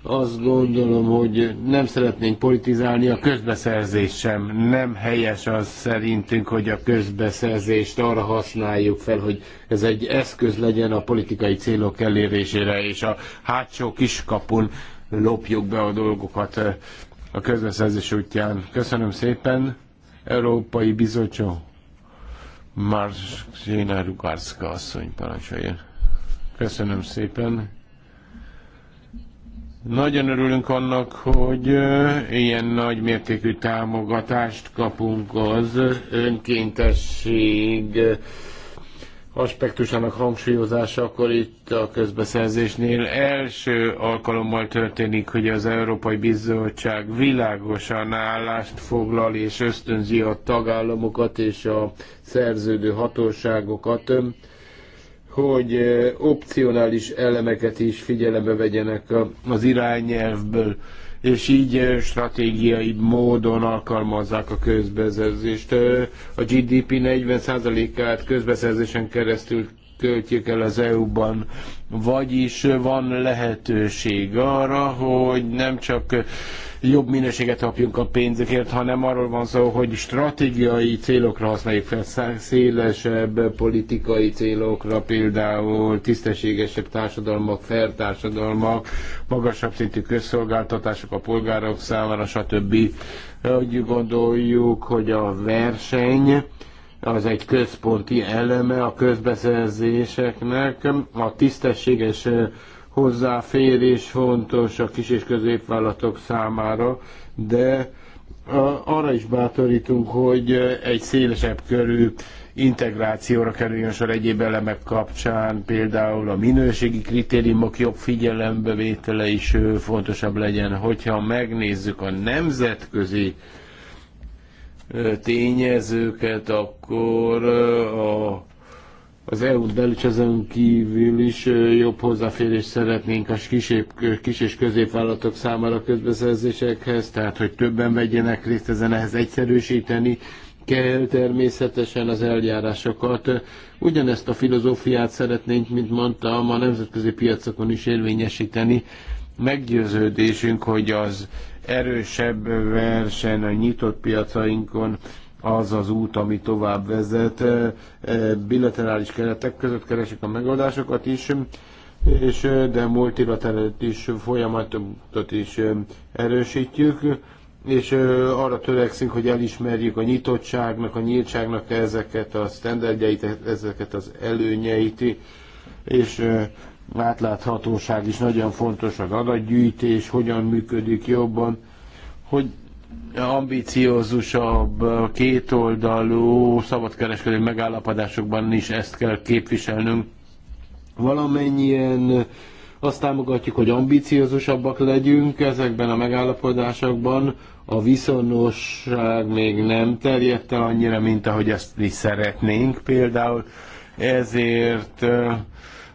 azt gondolom, hogy nem szeretnénk politizálni a közbeszerzés sem. Nem helyes az szerintünk, hogy a közbeszerzést arra használjuk fel, hogy ez egy eszköz legyen a politikai célok elérésére, és a hátsó kiskapun lopjuk be a dolgokat a közbeszerzés útján. Köszönöm szépen. Európai Bizottság Marzsina Rukárszka asszony parancsoljon. Köszönöm szépen. Nagyon örülünk annak, hogy ilyen nagy mértékű támogatást kapunk az önkéntesség aspektusának hangsúlyozása, akkor itt a közbeszerzésnél első alkalommal történik, hogy az Európai Bizottság világosan állást foglal és ösztönzi a tagállamokat és a szerződő hatóságokat, hogy opcionális elemeket is figyelembe vegyenek az irányelvből és így stratégiai módon alkalmazzák a közbeszerzést. A GDP 40%-át közbeszerzésen keresztül költjük el az EU-ban. Vagyis van lehetőség arra, hogy nem csak jobb minőséget kapjunk a pénzekért, hanem arról van szó, hogy stratégiai célokra használjuk fel, szélesebb politikai célokra, például tisztességesebb társadalmak, fair társadalmak, magasabb szintű közszolgáltatások a polgárok számára, stb. Úgy gondoljuk, hogy a verseny, az egy központi eleme a közbeszerzéseknek, a tisztességes hozzáférés fontos a kis és középvállalatok számára, de arra is bátorítunk, hogy egy szélesebb körű integrációra kerüljön sor egyéb elemek kapcsán, például a minőségi kritériumok jobb figyelembevétele is fontosabb legyen. Hogyha megnézzük a nemzetközi tényezőket, akkor a az EU-t belül és kívül is jobb hozzáférést szeretnénk a kisép, kis és középvállalatok számára közbeszerzésekhez, tehát hogy többen vegyenek részt ezen, ehhez egyszerűsíteni kell természetesen az eljárásokat. Ugyanezt a filozófiát szeretnénk, mint mondtam, a nemzetközi piacokon is érvényesíteni. Meggyőződésünk, hogy az erősebb verseny a nyitott piacainkon az az út, ami tovább vezet. E, e, bilaterális keretek között keresik a megoldásokat is, és e, de multilaterális folyamatot is erősítjük, és arra törekszünk, hogy elismerjük a nyitottságnak, a nyíltságnak ezeket a standardjait, ezeket az előnyeit, és átláthatóság is nagyon fontos, az adatgyűjtés hogyan működik jobban, hogy ambiciózusabb, kétoldalú szabadkereskedő megállapodásokban is ezt kell képviselnünk. Valamennyien azt támogatjuk, hogy ambiciózusabbak legyünk ezekben a megállapodásokban. A viszonosság még nem terjedt el annyira, mint ahogy ezt mi szeretnénk például. Ezért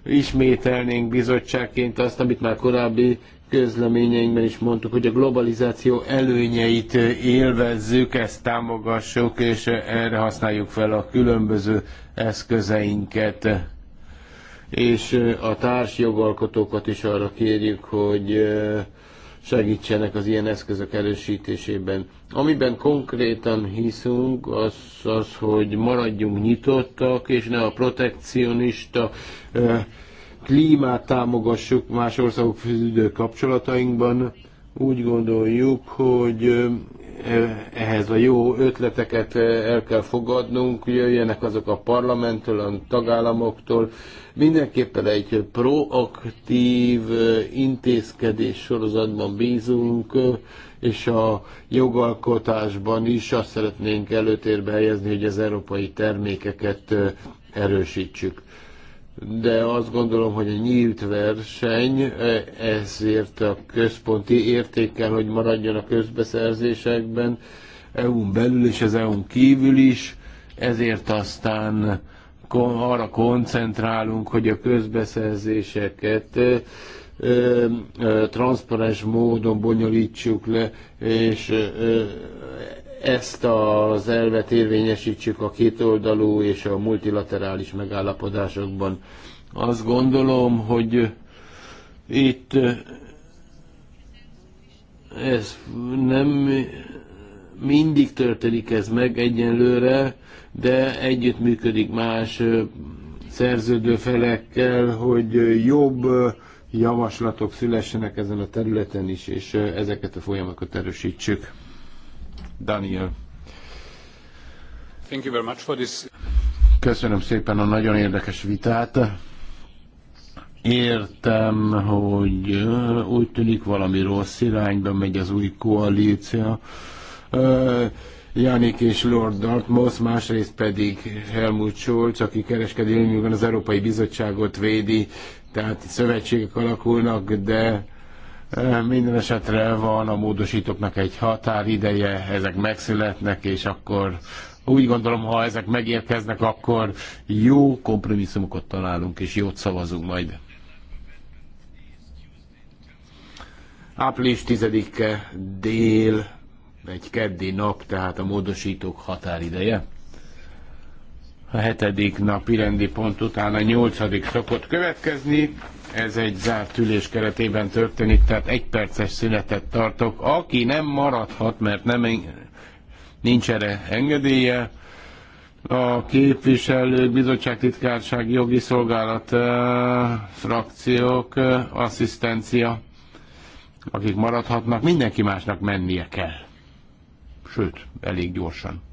ismételnénk bizottságként azt, amit már korábbi közleményeinkben is mondtuk, hogy a globalizáció előnyeit élvezzük, ezt támogassuk, és erre használjuk fel a különböző eszközeinket. És a társjogalkotókat is arra kérjük, hogy segítsenek az ilyen eszközök erősítésében. Amiben konkrétan hiszünk, az az, hogy maradjunk nyitottak, és ne a protekcionista klímát támogassuk más országok fűződő kapcsolatainkban. Úgy gondoljuk, hogy ehhez a jó ötleteket el kell fogadnunk, jöjjenek azok a parlamenttől, a tagállamoktól. Mindenképpen egy proaktív intézkedés sorozatban bízunk, és a jogalkotásban is azt szeretnénk előtérbe helyezni, hogy az európai termékeket erősítsük de azt gondolom, hogy a nyílt verseny e, ezért a központi értékkel, hogy maradjon a közbeszerzésekben, EU-n belül és az EU-n kívül is, ezért aztán arra koncentrálunk, hogy a közbeszerzéseket ö, e, e, transzparens módon bonyolítsuk le, és ö, ezt az elvet érvényesítsük a kétoldalú és a multilaterális megállapodásokban. Azt gondolom, hogy itt eh, ez nem mindig történik ez meg egyenlőre, de együttműködik más eh, szerződő felekkel, hogy jobb eh, javaslatok szülessenek ezen a területen is, és ezeket a folyamatokat erősítsük. Daniel. Thank you very much for this. Köszönöm szépen a nagyon érdekes vitát. Értem, hogy úgy tűnik valami rossz irányba megy az új koalíció. Janik és Lord Dartmouth, másrészt pedig Helmut Scholz, aki kereskedelmünkben az Európai Bizottságot védi, tehát szövetségek alakulnak, de minden esetre van a módosítóknak egy határideje, ezek megszületnek, és akkor úgy gondolom, ha ezek megérkeznek, akkor jó kompromisszumokat találunk, és jót szavazunk majd. Április 10-e dél, egy keddi nap, tehát a módosítók határideje. A hetedik napi rendi pont után a nyolcadik szokott következni ez egy zárt ülés keretében történik, tehát egy perces szünetet tartok. Aki nem maradhat, mert nem, nincs erre engedélye, a képviselő bizottság titkárság, jogi szolgálat, eh, frakciók, eh, asszisztencia, akik maradhatnak, mindenki másnak mennie kell. Sőt, elég gyorsan.